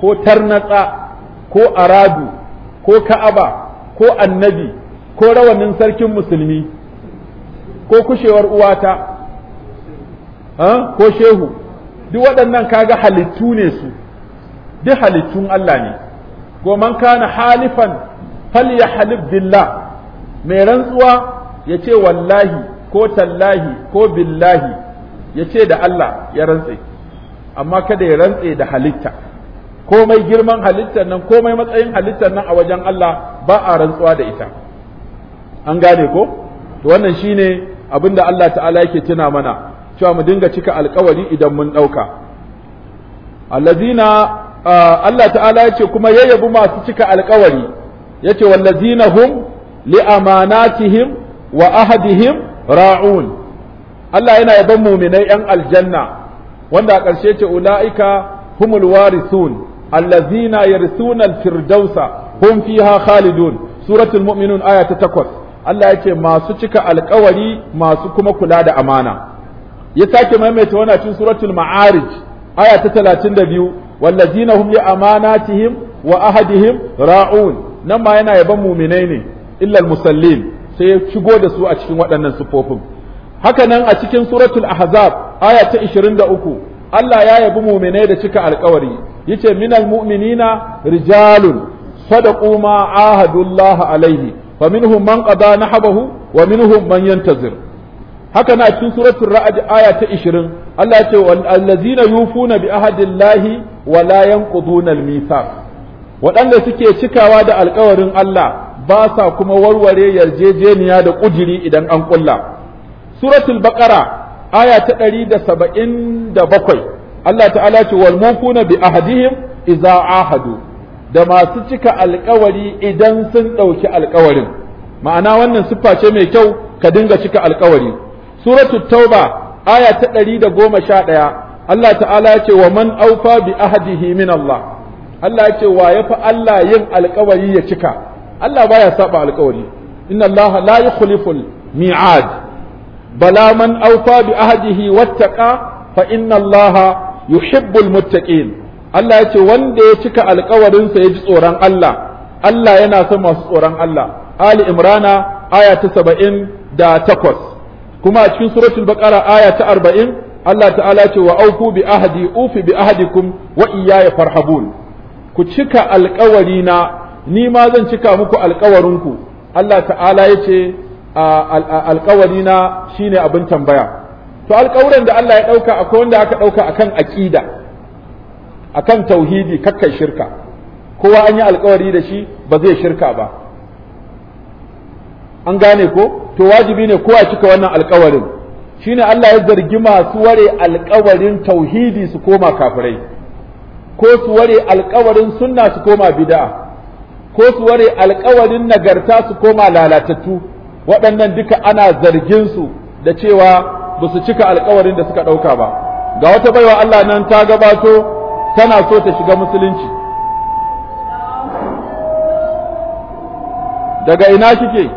ko tarnatsa ko aradu ko ka'aba ko annabi ko rawanin sarkin musulmi ko kushewar uwata ko shehu duk waɗannan kaga halittu ne su duk halittun Allah ne goman kana halifan halif billah mai rantsuwa ya ce wallahi ko tallahi ko billahi ya ce da Allah ya rantse amma kada ya rantse da halitta komai girman halittar nan komai matsayin halittar nan a wajen Allah ba a rantsuwa da ita an gane ko to wannan shine abinda Allah ta'ala yake tuna mana cewa mu dinga cika alkawari idan mun ɗauka allazina ah, Allah ta'ala yace kuma yayyabu masu cika alkawari Yace wallazina hum li amanatihim wa ahadihim ra'un Allah yana yaban muminai yan aljanna wanda a ƙarshe ce ula'ika humul warithun allazina yarithuna alfirdausa hum fiha khalidun suratul mu'minun aya ta takwas Allah yake masu cika alkawari masu kuma kula da amana ya sake maimaita wannan cikin suratul ma'arij aya ta 32 wallazina hum li wa ahadihim ra'un nan ma yana yaban muminai ne illal musallin sai ya shigo da su a cikin waɗannan siffofin. haka nan a cikin suratul ahzab aya ta 23 Allah ya yabi mu'minai da cika alƙawari yace minal mu'minina rijalun sadaqu ma ahadullah alaihi fa minhum man qada nahbahu wa minhum man yantazir haka a cikin suratul ra'd aya ta 20 Allah ya ce allazina yufuna bi ahadillahi wa la yanquduna al-mithaq waɗanda suke cikawa da alƙawarin Allah ba sa kuma warware yarjejeniya da kujiri idan an kulla suratul baqara aya ta bakwai, Allah ta'ala ce wal mukuna bi ahadihim idza ahadu da masu cika alkawari idan sun ɗauki alkawarin ma'ana wannan siffa ce mai kyau ka dinga cika alkawari suratul tauba aya ta 111 Allah ta'ala ya ce wa man aufa bi ahadihi min Allah Allah ya ce wa yafi Allah yin alkawari ya cika Allah baya saba alkawari inna Allah la yukhlifu mi'ad bala man awfa bi ahdihi wattaqa fa inna Allah yuhibbul muttaqin Allah ya ce wanda ya cika alkawarinsa ya ji tsoron Allah Allah yana son masu tsoron Allah Ali Imrana aya ta saba'in da takwas kuma a cikin suratul baqara aya ta arba'in Allah ta'ala ce wa auku bi ahdi ufi bi ahdikum wa iyaya farhabun ku cika alkawari na ni ma zan cika muku alkawarinku Allah ta'ala ya ce alkawarina shine abin tambaya to alkawuran da Allah ya ɗauka akwai wanda aka ɗauka akan aƙida akan tauhidi kakkai shirka kowa an yi alkawari da shi ba zai shirka ba an gane ko to wajibi ne kowa cika wannan alkawarin shine Allah ya zargi masu ware alkawarin tauhidi su koma kafirai ko su ware alkawarin sunna su koma bid'a ko su ware alkawarin nagarta su koma lalatattu waɗannan duka ana zargin su da cewa ba su cika alkawarin da suka ɗauka ba ga wata baiwa Allah nan ta gabato tana so ta shiga musulunci daga ina kike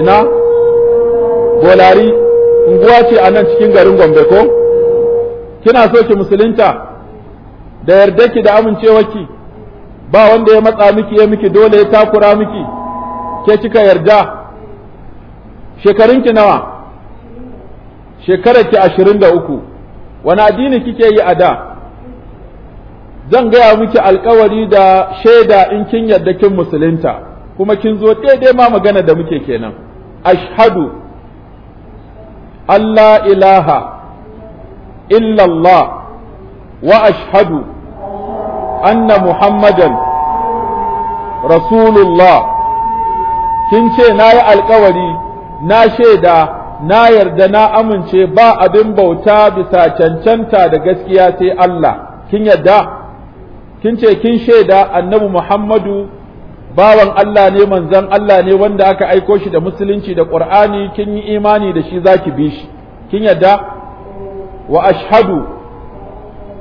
ina bolari unguwa ce a nan cikin garin gombe ko kina so ki musulunta da yarda ki da amincewa ki ba wanda ya matsa miki ya miki dole ya takura miki ke kika yarda shekarunki nawa ki ashirin da uku wani addini kike yi a da zan gaya miki alkawari da shaida in kin yarda kin musulunta kuma kin zo daidai ma magana da muke kenan ashhadu Allah ilaha illallah wa ashhadu anna muhammadan rasulullah kin ce na yi alkawari na shaida na yarda na amince ba abin bauta bisa cancanta da gaskiya sai Allah kin yarda kin ce kin shaida annabi Muhammadu bawan Allah ne manzon Allah ne wanda aka aiko shi da musulunci da Qur'ani kin yi imani da shi zaki bi shi kin yarda wa ashhadu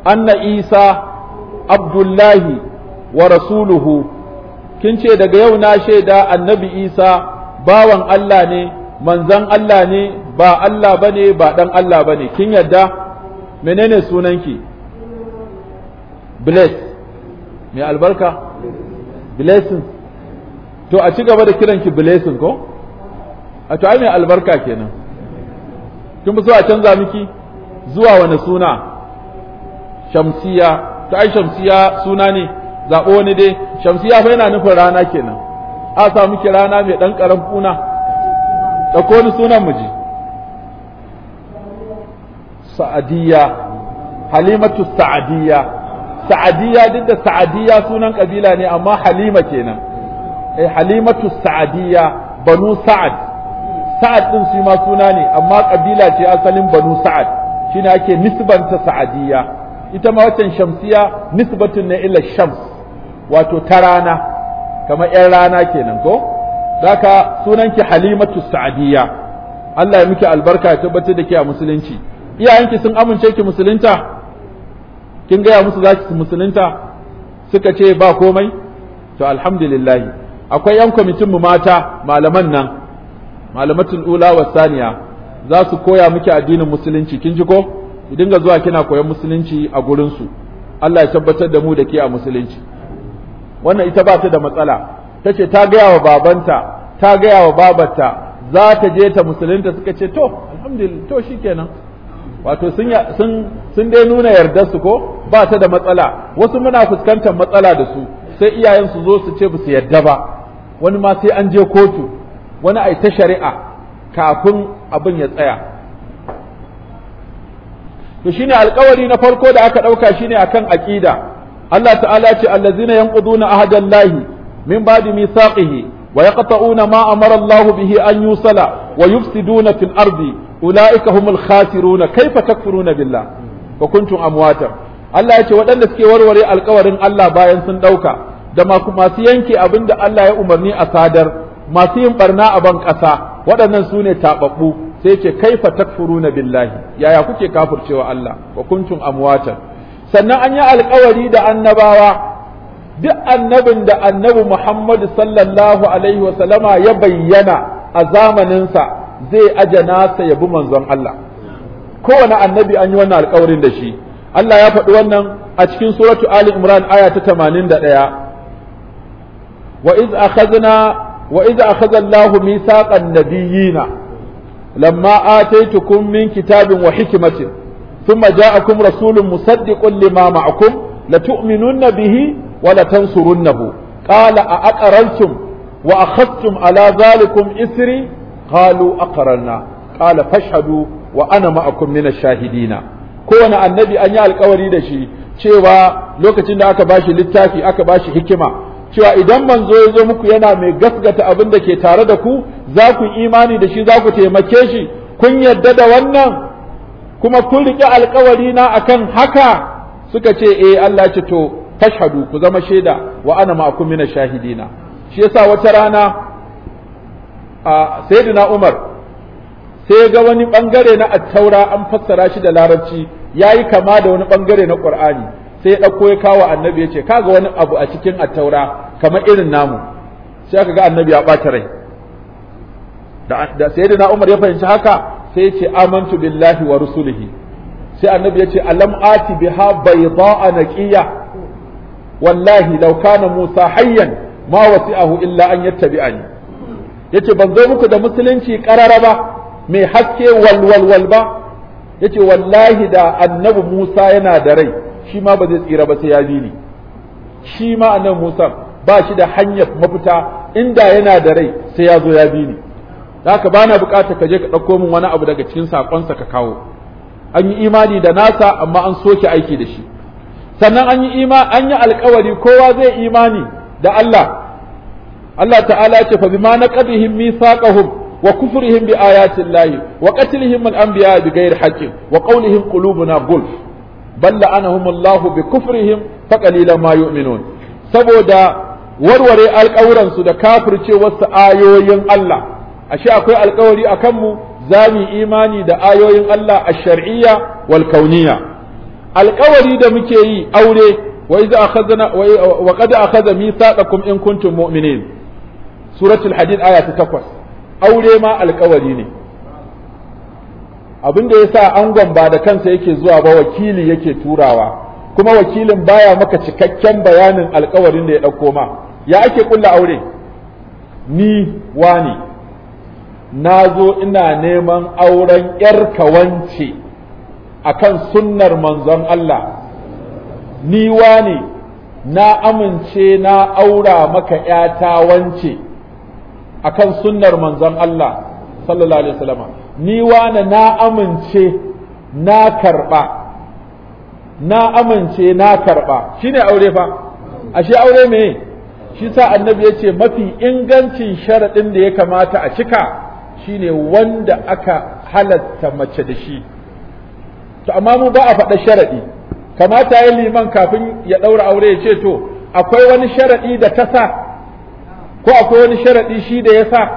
anna Isa abdullahi wa rasuluhu kin ce daga yau na shaida annabi isa bawan Allah ne manzan Allah ne ba Allah bane ba dan Allah bane kin yadda menene sunanki bless mai albarka blessing to a ci gaba da kiranki blessing ko a to ai mai albarka kenan kin bi so a canza miki zuwa wani suna shamsiya to ai shamsiya suna ne zaɓo wani dai shamsiya fa yana nufin rana kenan a sa muke rana mai ɗan ƙaran kuna ɗauko ni sunan mu sa'adiyya halimatu sa'adiyya sa'adiyya duk da sa'adiyya sunan ƙabila ne amma halima kenan eh halimatu sa'adiyya banu sa'ad sa'ad din shi ma suna ne amma ƙabila ce asalin banu sa'ad shine ake nisbanta sa'adiyya ita ma watan shamsiya nisbatun na ila shams wato ta rana kamar yan rana kenan ko daka sunanki halimatu sa'adiya Allah ya miki albarka ya tabbatar da ke a musulunci iyayenki sun amince ki musulunta kin gaya musu za ki musulunta suka ce ba komai to alhamdulillah akwai yan kwamitin mu mata malaman nan malamatul ula wa saniya za su koya miki addinin musulunci kin ji ko ki dinga zuwa kina koyon musulunci a gurinsu. Allah ya tabbatar da mu da ke a musulunci wannan ita ba ta da matsala tace ta gaya wa babanta ta gaya wa babarta za ta je ta musulunta suka ce to alhamdulillah to shikenan wato sun sun sun dai nuna yardar su ko ba ta da matsala wasu muna fuskantar matsala da su sai iyayen su zo su ce ba su yarda ba wani ma sai an je kotu wani ai ta shari'a kafin abin ya tsaya to shine alkawari na farko da aka ɗauka shine akan aƙida Allah ta'ala ce allazina yanquduna ahadallahi min ba'di mithaqihi wa yaqta'una ma amara Allah bihi an yusala wa yufsiduna fil ardi ulaika humul khasiruna kaifa takfuruna billah wa kuntum amwatan Allah ya ce waɗanda suke warware alkawarin Allah bayan sun ɗauka da masu yanke abin da Allah ya umarni a sadar masu yin barna a ban ƙasa waɗannan su ne taɓaɓɓu sai ce kaifa takfuruna billahi yaya kuke kafircewa Allah wa kuntum amwatan sannan an yi alkawari da annabawa duk annabin da annabi Muhammad sallallahu alaihi wa sallama ya bayyana a zamaninsa zai aje nasa ya bi manzon Allah kowane annabi an yi wannan alkawarin da shi Allah ya faɗi wannan a cikin suratu Ali Imran aya ta 81 wa iz akhadna wa iz akhadha Allahu mithaqan nabiyina lamma ataitukum min kitabin wa hikmatin thumma ja'akum rasulun musaddiqun lima ma'akum latu'minunna bihi wa latansurunnahu qala a aqrartum wa akhadtum ala zalikum isri qalu aqrarna qala fashhadu wa ana ma'akum min ash-shahidina kowane annabi an yi alkawari da shi cewa lokacin da aka bashi littafi aka bashi hikima cewa idan manzo zo muku yana mai gasgata abin da ke tare da ku za ku yi imani da shi za ku taimake shi kun yarda da wannan kuma kun riƙe alkawari na akan haka suka ce eh Allah ce to tashhadu ku zama shaida wa ana ma'akum mina shahidina shi yasa wata rana a sayyidina Umar sai ga wani bangare na attaura an fassara shi da larabci yayi kama da wani bangare na Qur'ani sai ya dauko ya kawo annabi ya ce kaga wani abu a cikin attaura kamar irin namu sai aka ga annabi ya bata rai da sayyidina Umar ya fahimci haka sai yace ce amantu billahi wa rusulihi sai annabi ya ce alam ati biha bayda'a naqiya wallahi law kana Musa hayyan ma wasi'ahu illa an yattabi'ani yace ban zo muku da musulunci karara ba mai haske walwalwal ba yace wallahi da annabi Musa yana da rai shi ma ba zai tsira ba sai ya bi ni shi ma annabi Musa ba shi da hanyar mafita inda yana da rai sai ya zo ya bi ni da haka ba na bukatar ka je ka ɗauko min wani abu daga cikin saƙonsa ka kawo an yi imani da nasa amma an soke aiki da shi sannan an yi ima an yi alkawari kowa zai imani da Allah Allah ta'ala ce fa bima naqadihim mithaqahum wa kufrihim bi ayati Allah wa qatlihim al-anbiya ghairi haqqin wa qawlihim qulubuna gulf bal la'anahum Allah bi kufrihim fa qalilan ma yu'minun saboda warware alƙawuransu da kafircewarsu ayoyin Allah ashe akwai alkawari a kanmu za mu imani da ayoyin Allah a shar'iyya wal kauniya alkawari da muke yi aure wa iza akhadna wa qad akhadha mithaqakum in kuntum mu'minin suratul hadid aya ta 8 aure ma alkawari ne abin da yasa angon ba da kansa yake zuwa ba wakili yake turawa kuma wakilin baya maka cikakken bayanin alkawarin da ya dauko ma ya ake kulla aure ni wani na zo ina neman auren ‘yar kawance a kan sunnar manzon Allah, ni ne na amince na aura maka ƴata wance a kan sunnar manzon Allah, sallallahu Alaihi wasallam ni ne na amince na karɓa, na amince na karɓa, shi ne aure fa, ashe aure me? shi sa annabi ya ce mafi ingancin sharaɗin da ya kamata a cika shine wanda aka halatta mace da shi to amma mu ba a faɗa sharaɗi kamata ya liman kafin ya ɗaura aure ya ce to akwai wani sharaɗi da ta sa ko akwai wani sharaɗi shi da ya sa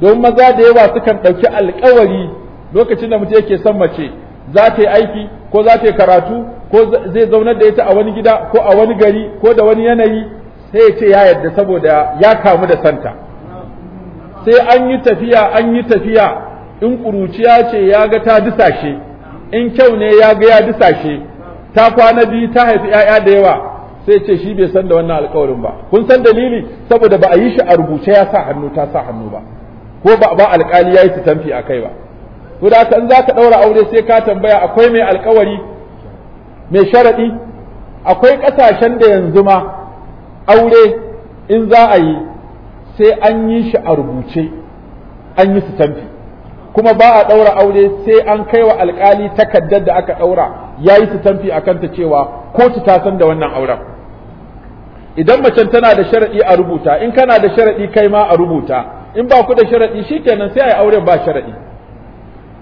don maza da yawa sukan ɗauki alkawari lokacin da mutum yake son mace za ta yi aiki ko za ta yi karatu ko zai zaunar da ita a wani gida ko a wani gari ko da wani yanayi sai ya ce ya yarda saboda ya kamu da santa sai an yi tafiya an yi tafiya in ƙuruciya ce ya ga ta dusashe in kyau ne ya ga ya dusashe ta kwana biyu ta haifi 'ya'ya da yawa sai ce shi bai san da wannan alƙawarin ba kun san dalili saboda ba a yi shi a rubuce ya sa hannu ta sa hannu ba ko ba ba alƙali ya yi tamfi a kai ba ko da in za ka ɗaura aure sai ka tambaya akwai mai alƙawari mai sharaɗi akwai ƙasashen da yanzu ma aure in za a yi sai an yi shi a rubuce an yi su sitamfi kuma ba a ɗaura aure sai an kai wa alƙali takardar da aka ɗaura ya yi su sitamfi a kanta cewa kotu ta san da wannan auren idan macen tana da sharaɗi a rubuta in kana da sharaɗi kai ma a rubuta in ba ku da sharaɗi kenan sai a yi auren ba sharaɗi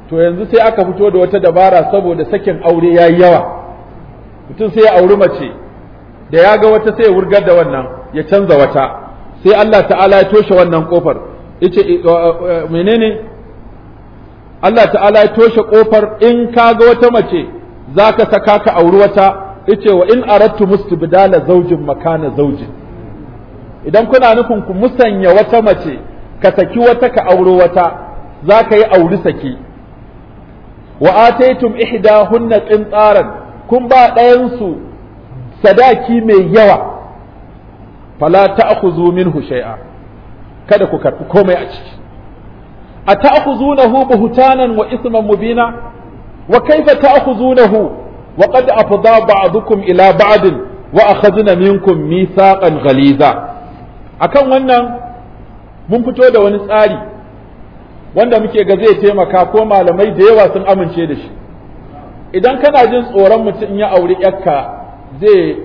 to yanzu sai aka fito da wata dabara saboda sakin aure ya yi yawa mutum sai ya auri mace da ya ga wata sai ya wurgar da wannan ya canza wata sai Allah ta'ala ya toshe wannan kofar yace eh, eh, eh, menene Allah ta'ala ya toshe kofar in ka ga wata mace zaka saka ka auri wata yace wa in aradtu mustabdala zawjin makana zawjin idan kuna nufin ku musanya wata mace ka saki wata ka auri wata zaka yi auri saki wa ataytum ihdahunna qintaran kun ba ɗayan su sadaki mai yawa fala ta'khudhu minhu shay'a kada ku karbi komai a ciki ata'khuzunahu buhtanan wa isman mubina wa kaifa ta'khuzunahu wa qad afda ba'dukum ila ba'd wa akhadna minkum mithaqan ghaliza akan wannan mun fito da wani tsari wanda muke ga zai taimaka ko malamai da yawa sun amince da shi idan kana jin tsoron mutum ya auri yakka zai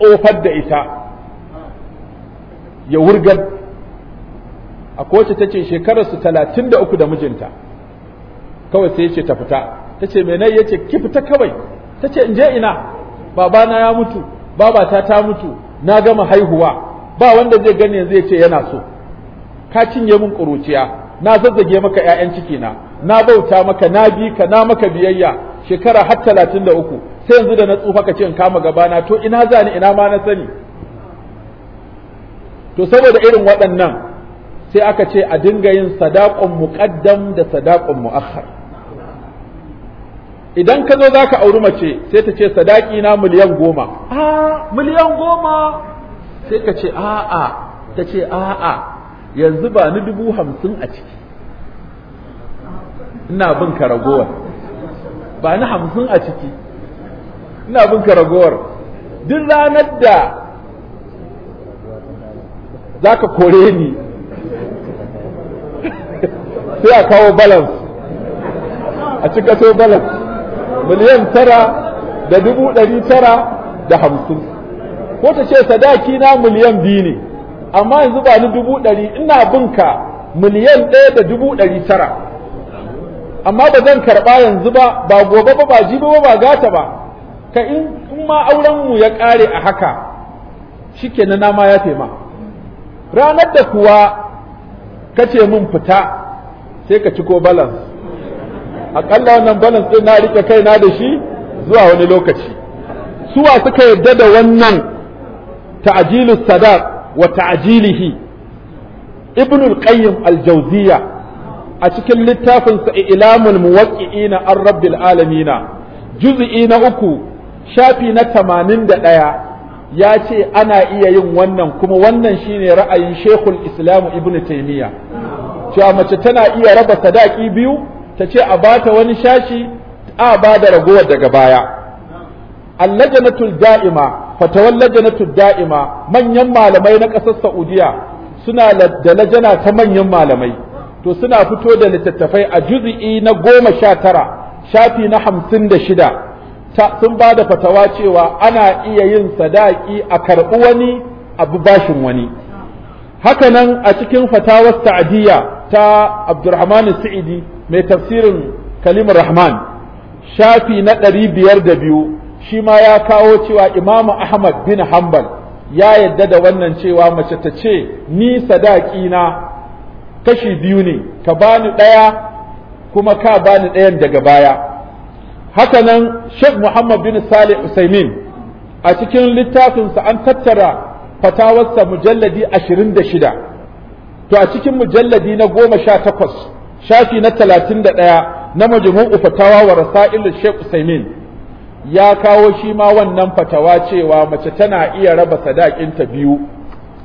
tsofar da ita ya wurgar a kowace ta ce shekararsu talatin da uku da mijinta kawai sai ya ta fita ta ce mai nai ya ce ki fita kawai ta ce in je ina babana ya mutu babata ta mutu na gama haihuwa ba wanda zai gane yanzu ya ce yana so ka cinye min ƙuruciya na zazzage maka 'ya'yan cikina na bauta maka na bi ka na maka biyayya shekara har talatin da uku sai yanzu da na tsufa ka ce in kama gabana to ina zani ina ma na sani to saboda irin waɗannan sai aka ce a dinga yin sadaqun muƙaddam da sadaqun muakhar idan ka zo za ka auri mace sai ta ce sadaki na miliyan goma Ah miliyan goma sai ka ce a'a ta ce a'a yanzu ba ni dubu hamsin a ciki ina bin ka ragowar ba ni hamsin a ciki ina bin ka ragowar duk ranar da za ka kore ni sai a kawo balance a cika balance miliyan tara da dubu ɗari tara da hamsin ko ta ce sadaki na miliyan biyu ne amma yanzu ba ni dubu ɗari ina binka miliyan ɗaya da dubu ɗari tara amma ba zan karɓa yanzu ba ba gobe ba ba jibi ba ba gata ba ka in ma auren mu ya ƙare a haka shi kenan na nama ya taimaka ranar da kuwa ka ce mun fita sai ka ciko balans balance aƙalla wannan balance ɗin na riƙe kaina da shi zuwa wani lokaci suwa suka yarda da wannan ta'ajilu sadaq wa ta'jilihi ibn al-qayyim al-jawziya a cikin littafin sa ilamul muwaqqi'ina ar-rabbil alamina juz'i na uku shafi na 81 ya ce ana iya yin wannan kuma wannan shine ra'ayin shekul islamu ibn taimiya cewa mace tana iya raba sadaki biyu ta ce a bata wani shashi a ba da ragowar daga baya allajanatul da'ima fatawar lajanatul da'ima manyan malamai na ƙasar saudiya suna da lajana ta manyan malamai to suna fito da littattafai a juzi'i na goma sha tara shafi na hamsin da shida sun ba da fatawa cewa ana iya yin sadaki a karɓi wani abu bashin wani hakanan a cikin fatawar ta'adiyya ta abdurrahman sa'idi mai tafsirin kalimar rahman shafi na ɗari biyar da biyu shi ma ya kawo cewa imamu ahmad bin hanbal ya yadda da wannan cewa mace ta ce ni sadaki na kashi biyu ne ka bani ɗaya kuma ka bani ɗayan daga baya hakanan Sheikh Muhammad bin Salih Usaimin a cikin littafinsa an tattara fatawarsa mujalladi 26 to a cikin mujalladi na 18 shafi na 31 na majmu'u fatawa wa rasail Sheikh Usaimin ya kawo shi ma wannan fatawa cewa mace tana iya raba sadakinta biyu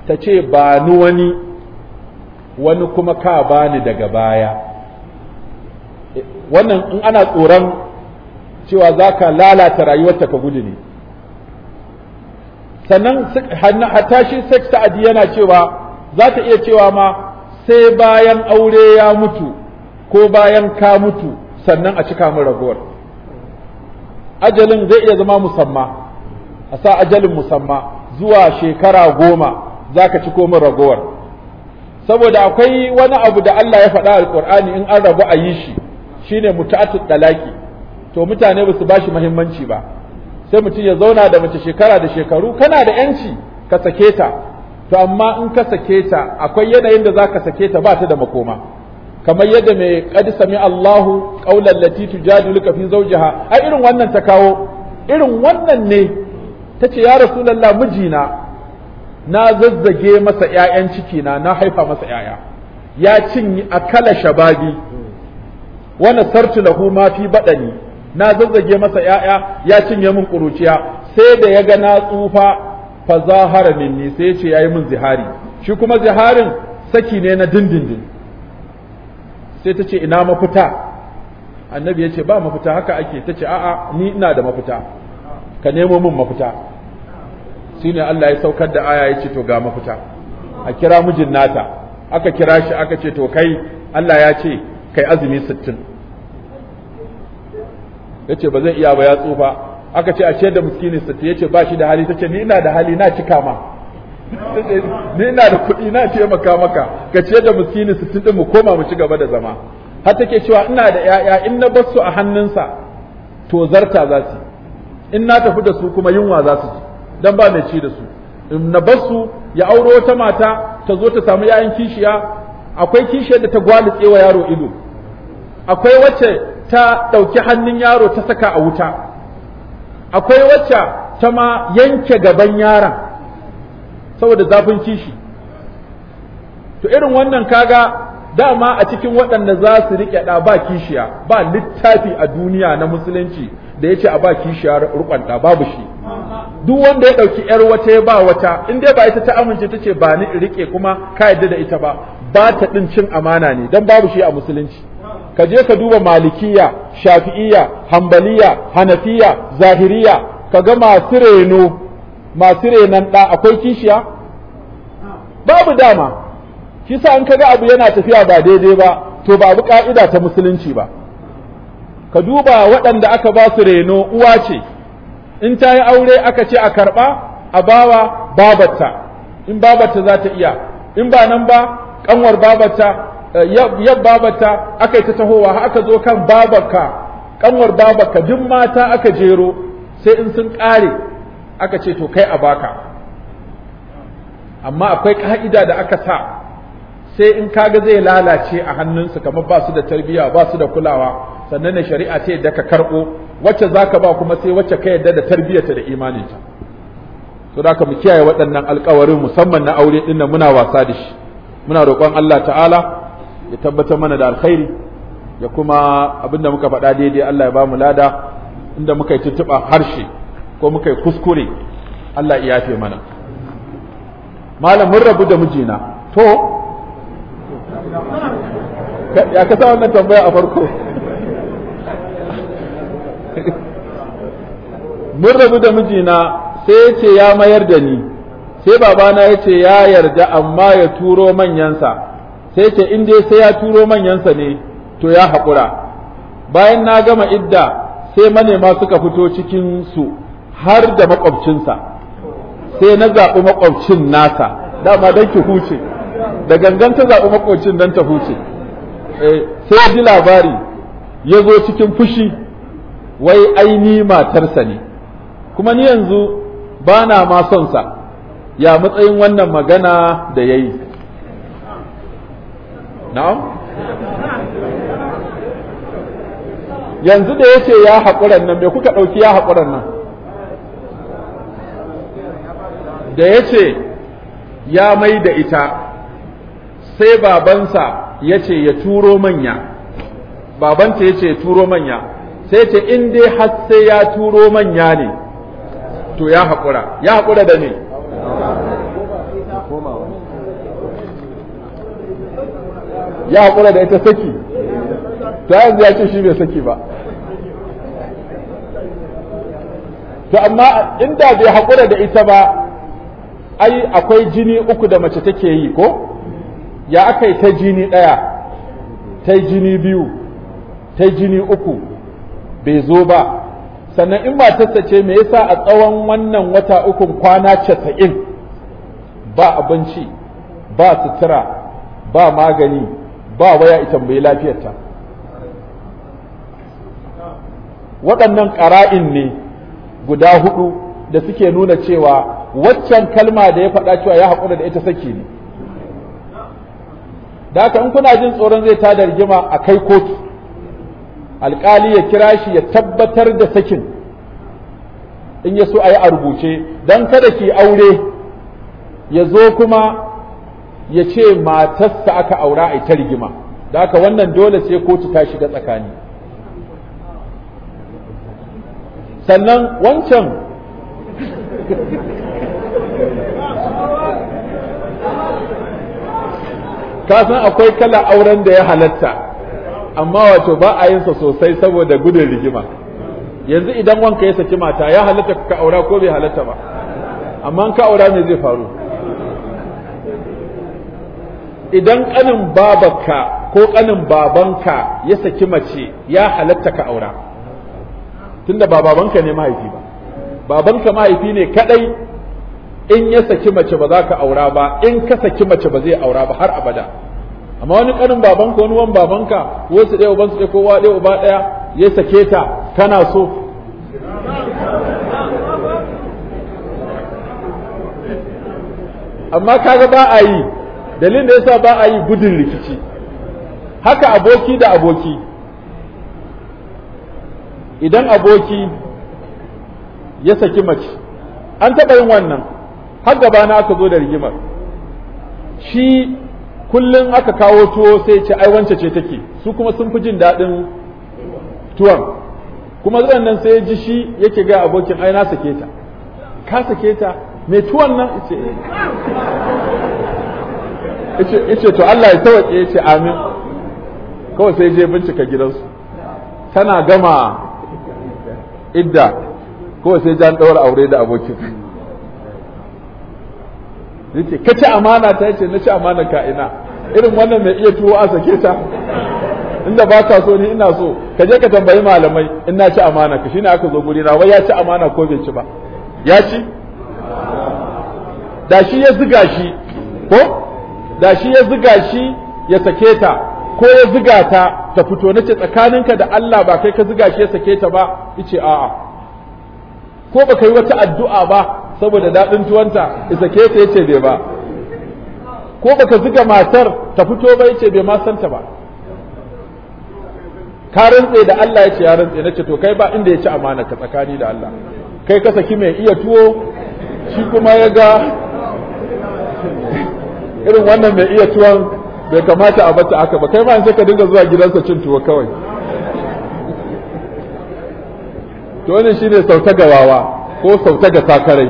ta ce ba ni wani wani kuma ka bani daga baya wannan in ana tsoron cewa za ka lalata rayuwarta ka gudu ne sannan hatashin sex ta'adi yana cewa za ta iya cewa ma sai bayan aure ya mutu ko bayan ka mutu sannan a cika mu ragowar ajalin zai iya zama musamma a sa ajalin musamma zuwa shekara goma za ka ci komin ragowar saboda akwai wani abu da Allah ya faɗa alƙur'ani in an rabu a yi shi shine mutuatun dalaki to mutane ba su bashi muhimmanci ba sai mutum ya zauna da mace shekara da shekaru kana da yanci ka sake ta to amma in ka sake ta akwai yanayin da za ka sake ta ba ta da makoma kamar yadda mai qad sami Allahu qaulal lati tujadiluka fi zawjiha ai irin wannan ta kawo irin wannan ne tace ya rasulullah mijina na zazzage masa ƴaƴan ciki na na haifa masa ƴaƴa ya cinye akala shababi wa nasartu lahu ma fi badani na zazzage masa ‘ya'ya ya cinye min ƙuruciya sai da ya ga na tsufa fa zahara minni sai ya ce ya min zihari shi kuma ziharin saki ne na dindindin sai ta ce ina mafita annabi ya ce ba mafita haka ake ta ce a'a ni ina da mafita ka nemo min mafita shine Allah ya saukar da aya ya ce to ga mafita a kira mijin nata aka kira shi aka ce to kai Allah ya ce kai azumi sittin yace ba zan iya ba ya tsufa aka ce a ciyar da miskini ta yace ba shi da hali tace ni ina da hali na cika ma ni ina da kuɗi na taimaka maka ka ciyar da miskini tun din mu koma mu ci gaba da zama har take cewa ina da ƴaƴa in na bar su a hannunsa to zarta za su in na tafi da su kuma yunwa za su ci dan ba mai ci da su in na bar su ya auro wata mata ta zo ta samu yayan kishiya akwai kishiyar da ta gwalitse wa yaro ido akwai wacce ta ɗauki hannun yaro ta saka a wuta akwai wacce ta ma yanke gaban yaran saboda zafin kishi to irin wannan kaga dama a cikin waɗanda za su riƙe ɗa ba kishiya ba littafi a duniya na musulunci da ya ce a ba kishiya ɗa babu shi duk wanda ya ɗauki ‘yar wata ya ba wata in dai ba ita ta amince ta ce ba ni riƙe kuma ka yadda da ita ba ba ta ɗin cin amana ne don babu shi a musulunci ka je ka duba malikiya shafi'iya hambaliya hanafiya zahiriya ka ga masu reno masu renon ɗa akwai kishiya babu dama shi sa in ka ga abu yana tafiya ba daidai ba to babu ƙa'ida ka'ida ta musulunci ba ka duba waɗanda aka ba su reno uwa ce in ta yi aure aka ce a karɓa a bawa babarta in babarta za ta iya in ba nan ba ƙanwar babarta yan babata aka yi ta tahowa har aka zo kan babarka kanwar babarka duk mata aka jero sai in sun ƙare aka ce to kai a baka amma akwai ka'ida da aka sa sai in kaga zai lalace a hannunsu kamar ba su da tarbiyya ba su da kulawa sannan ne shari'a ce da ka karɓo wacce za ka ba kuma sai wacce ka yarda da tarbiyyarta da imaninta to da ka mu kiyaye waɗannan alƙawarin musamman na aure ɗin nan muna wasa da shi muna roƙon Allah ta'ala ya tabbatar mana da alkhairi ya kuma abinda muka faɗa daidai Allah ya ba mu lada inda muka yi tuttuɓa harshe ko muka yi kuskure Allah ya yafe mana malam mun rabu da mijina to ya ka sa wannan tambaya a farko mun rabu da mijina sai ya ce ya mayar da ni sai babana ya ce ya yarda amma ya turo manyansa sai ce in dai sai ya turo manyansa ne to ya haƙura bayan na gama idda sai manema suka fito cikin su har da makwabcinsa sai na zaɓi makwabcin nasa dama don ki huce da gangan ta zaɓi makwabcin don ta huce eh, sai ji labari ya zo cikin fushi wai aini matarsa ne kuma ni yanzu ba na ma sonsa ya matsayin wannan magana da ya yi na'am yanzu da yace ya haƙuran nan me kuka ɗauki ya haƙuran nan da yace ya mai da ita sai babansa yace ya turo manya babanta yace ya turo manya sai ce in dai har sai ya turo manya ne to ya haƙura ya haƙura da ne
ya haƙura da ita saki ta yanzu ya ce shi bai
saki ba to amma inda bai haƙura da ita ba ai akwai jini uku da mace take yi ko ya aka yi ta jini ɗaya ta jini biyu ta jini uku bai zo ba sannan in matarsa ce me yasa a tsawon wannan wata ukun kwana casa'in ba abinci ba sutura ba magani ba waya ita tambayi lafiyarta waɗannan ƙara'in ne guda hudu da suke nuna cewa waccan kalma da ya faɗa cewa ya haƙura da ita saki ne da haka in kuna jin tsoron zai tadar rigima a kai kotu alƙali ya kira shi ya tabbatar da sakin in ya so a yi a rubuce don kada ki aure ya zo kuma ya ce matarsa aka aura a ita rigima da haka wannan dole sai kotu ta shiga tsakani sannan wancan kasan akwai kala auren da ya halatta amma wato ba a yinsa sosai saboda gudun rigima yanzu idan wanka ya saki mata ya halatta ka aura ko bai halatta ba amma ka aura ne zai faru idan kanin babanka ko kanin babanka ya saki mace ya halatta ka aura tunda ba babanka ne mahaifi ba babanka mahaifi ne kadai in ya saki mace ba za ka aura ba in ka saki mace ba zai aura ba har abada amma wani kanin babanka wani wan babanka wasu ɗaya uban su ɗaya kowa ɗaya uba ɗaya ya sake ta kana so amma kaga ba a yi dalilin da yasa ba a yi gudun rikici haka aboki da aboki idan aboki ya saki mace an taɓa yin wannan har gaba na aka zo da rigimar shi kullum aka kawo tuwo sai ce ai wance ce take su kuma sun fi jin daɗin tuwon kuma zan nan sai ya ji shi yake ga abokin ai na sake ta ka sake ta mai tuwon nan ce
eh. yace to Allah ya sauke yace amin
kawai sai je bincika gidansu tana gama idda kawai sai jan dawar aure da abokin yace ka ci amana ta yace na ci amana ka ina irin wannan mai iya tuwo a sake ta inda ba ka so ni ina so ka je ka tambayi malamai in na ci amana ka shine aka zo guri na wai ya ci amana ko bai ci ba ya ci da shi ya ziga shi ko da shi ya ziga shi ya sake ta ko ya ziga ta ta fito nace tsakaninka da Allah ba kai ka ziga shi ya sake ta ba yace a'a ko baka yi wata addu'a ba saboda dadin tuwanta ya sake ta yace bai ba ko baka ziga matar ta fito ba yace bai ma santa ba ka rantse da Allah yace ya rantse nace to kai ba inda yace amana ka tsakani da Allah kai ka saki mai iya tuwo shi kuma ya ga
irin wannan mai iya tuwon
bai kamata a bata aka ba kai ma sai ka dinga zuwa gidansa cin tuwo kawai to shi shine sauta wawa ko sauta ga sakarai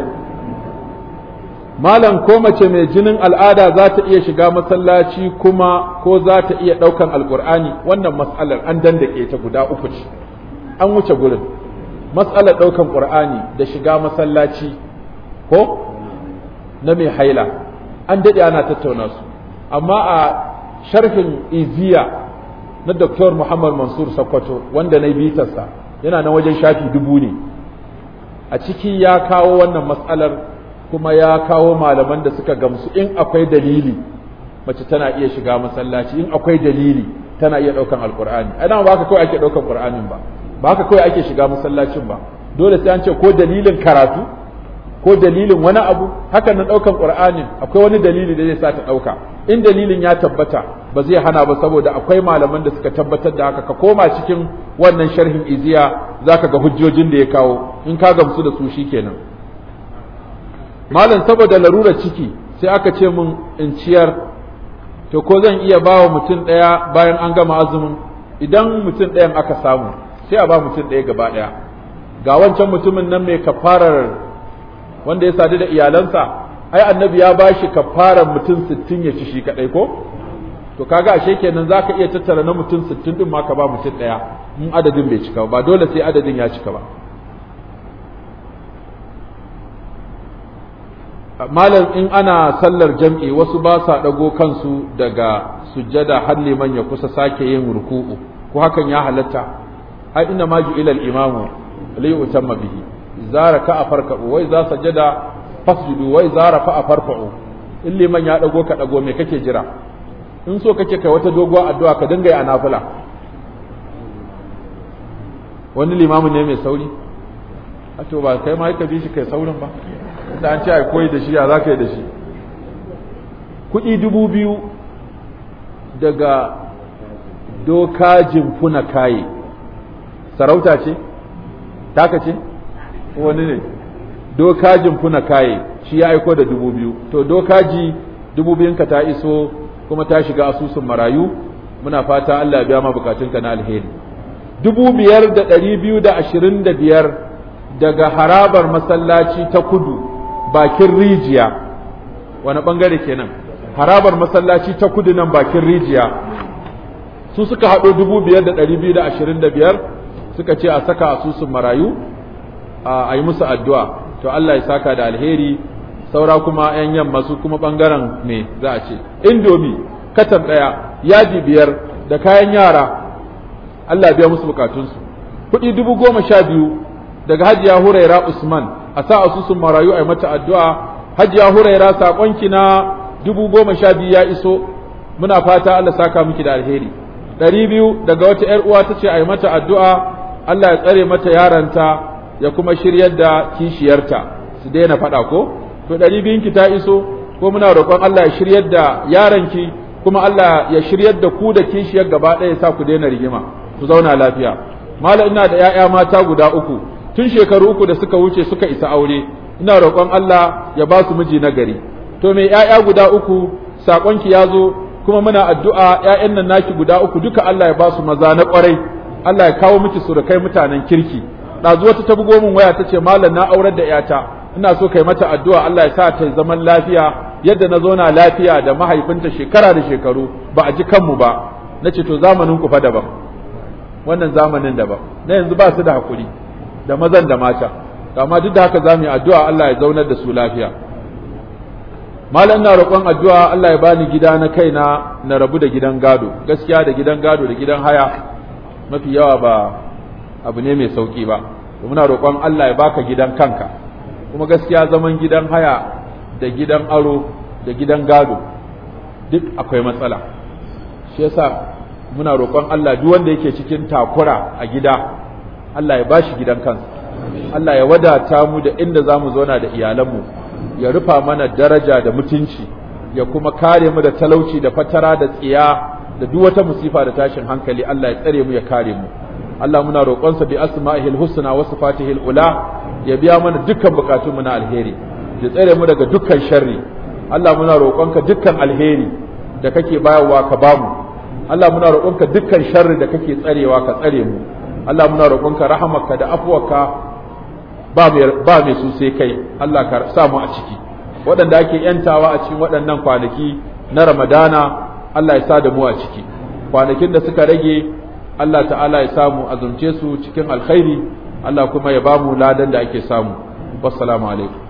malam ko mace mai jinin al'ada za ta iya shiga masallaci kuma ko za ta iya ɗaukan alƙur'ani wannan mas'alar an dandake ta guda uku ce an wuce gurin mas'alar ɗaukan ƙur'ani da shiga masallaci ko na mai haila an daɗe ana tattauna su amma a sharhin iziya na Dr. Muhammad Mansur Sakkwato wanda na bitarsa yana na wajen shafi dubu ne a ciki ya kawo wannan matsalar kuma ya kawo malaman da suka gamsu in akwai dalili mace tana iya shiga masallaci in akwai dalili tana iya ɗaukan alkur'ani a ba haka kawai ake ɗaukan alkur'anin ba ba haka kawai ake shiga masallacin ba dole sai an ce ko dalilin karatu ko dalilin wani abu hakan nan ɗaukan Kur'anin akwai wani dalili da zai sa ta ɗauka in dalilin ya tabbata ba zai hana ba saboda akwai malaman da suka tabbatar da haka ka koma cikin wannan sharhin iziya zaka ga hujjojin da ya kawo in ka gamsu da su shikenan malam saboda larura ciki sai aka ce mun in ciyar to ko zan iya ba wa mutum ɗaya bayan an gama azumin idan mutum ɗayan aka samu sai a ba mutum ɗaya gaba ɗaya ga wancan mutumin nan mai kafarar wanda ya sadu da iyalansa ai annabi ya bashi kafaran mutum sittin ya ci shi kadai ko to kaga ashe kenan zaka iya tattara na mutum sittin din ma ka ba mutum daya in adadin bai cika ba dole sai adadin ya cika ba malam in ana sallar jam'i wasu ba sa ɗago kansu daga sujjada har liman ya kusa sake yin ruku'u ko hakan ya halatta ai inna ma ju'ila al-imamu alayhi wa bihi zara ka a farka'u wai za jada fasidu wai zara fa a farfa'u in liman ya dago ka dago me kake jira in so kake kai wata doguwa addu'a ka dinga yi a nafila wani limamu ne mai sauri a to ba kai ma ka bi shi kai saurin ba da an ce a koyi da shi ya za ka yi da shi kuɗi dubu biyu daga dokajin funa kaye sarauta ce taka ce wani ne dokajin funa kaye shi ya aiko da dubu biyu to dokaji dubu biyunka ta iso kuma ta shiga asusun marayu muna fata Allah ya biya ma bukatunka na alheri dubu biyar da ɗari biyu da ashirin da biyar daga harabar masallaci ta kudu bakin rijiya wani ɓangare kenan harabar masallaci ta kudu nan bakin rijiya su suka haɗo dubu biyar da ɗari biyu da ashirin da biyar suka ce a saka asusun marayu a yi musu addu'a to Allah ya saka da alheri saura kuma yan yamma su kuma bangaren me za a ce indomi katan ɗaya, yaji biyar da kayan yara Allah biya musu bukatunsu kuɗi dubu goma sha biyu daga hajiya huraira usman a sa asusun marayu a yi mata addu'a hajiya huraira saƙonki na dubu goma sha biyu ya iso muna fata Allah saka miki da alheri ɗari biyu daga wata ‘yar uwa ta ce a yi mata addu'a Allah ya tsare mata yaranta ya kuma shiryar da kishiyarta su daina faɗa ko to ɗari biyunki ta iso ko muna roƙon Allah ya shiryar da yaranki kuma Allah ya shiryar da ku da kishiyar gaba ɗaya sa ku daina rigima ku zauna lafiya malam ina da 'ya'ya mata guda uku tun shekaru uku da suka wuce suka isa aure ina roƙon Allah ya ba su miji na gari to me 'ya'ya guda uku saƙonki ya zo kuma muna addu'a 'ya'yan nan naki guda uku duka Allah ya ba su maza na ƙwarai Allah ya kawo miki surukai mutanen kirki dazuwa wata ta bugo min waya tace mallam na aurar da yata ina so kai mata addu'a Allah ya sa ta zaman lafiya yadda na zauna lafiya da mahaifinta shekara da shekaru ba a ji kanmu ba na to zamanin ku fa daban wannan zamanin daban na yanzu ba su da hakuri da mazan da mata amma duk da haka za mu yi addu'a Allah ya zaunar da su lafiya malam na roƙon addu'a Allah ya bani gida na kaina na rabu da gidan gado gaskiya da gidan gado da gidan haya mafi yawa ba abu ne mai sauƙi ba to muna roƙon Allah ya baka gidan kanka kuma gaskiya zaman gidan haya da gidan aro da gidan gado duk akwai matsala shi yasa muna roƙon Allah duk wanda yake cikin takura a gida Allah ya bashi gidan kansa Allah ya wadata mu da inda zamu zauna da iyalan mu ya rufa mana daraja da mutunci ya kuma kare mu da talauci da fatara da tsiya da duk wata musifa da tashin hankali Allah ya tsare mu ya kare mu Allah muna roƙonsa bi asma'ihil husna wa sifatihil ula ya biya mana dukkan bukatun mu na alheri ya tsare mu daga dukkan sharri Allah muna roƙonka dukkan alheri da kake bayarwa ka bamu Allah muna roƙonka dukkan sharri da kake tsarewa ka tsare mu Allah muna roƙonka rahamarka da afuwarka ba mai su sai kai Allah ka sa mu a ciki waɗanda ake yantawa a cikin waɗannan kwanaki na Ramadana Allah ya sa da mu a ciki kwanakin da suka rage Allah ta'ala ya samu azumce su cikin alkhairi Allah kuma ya bamu ladan da ake samu wassalamu alaikum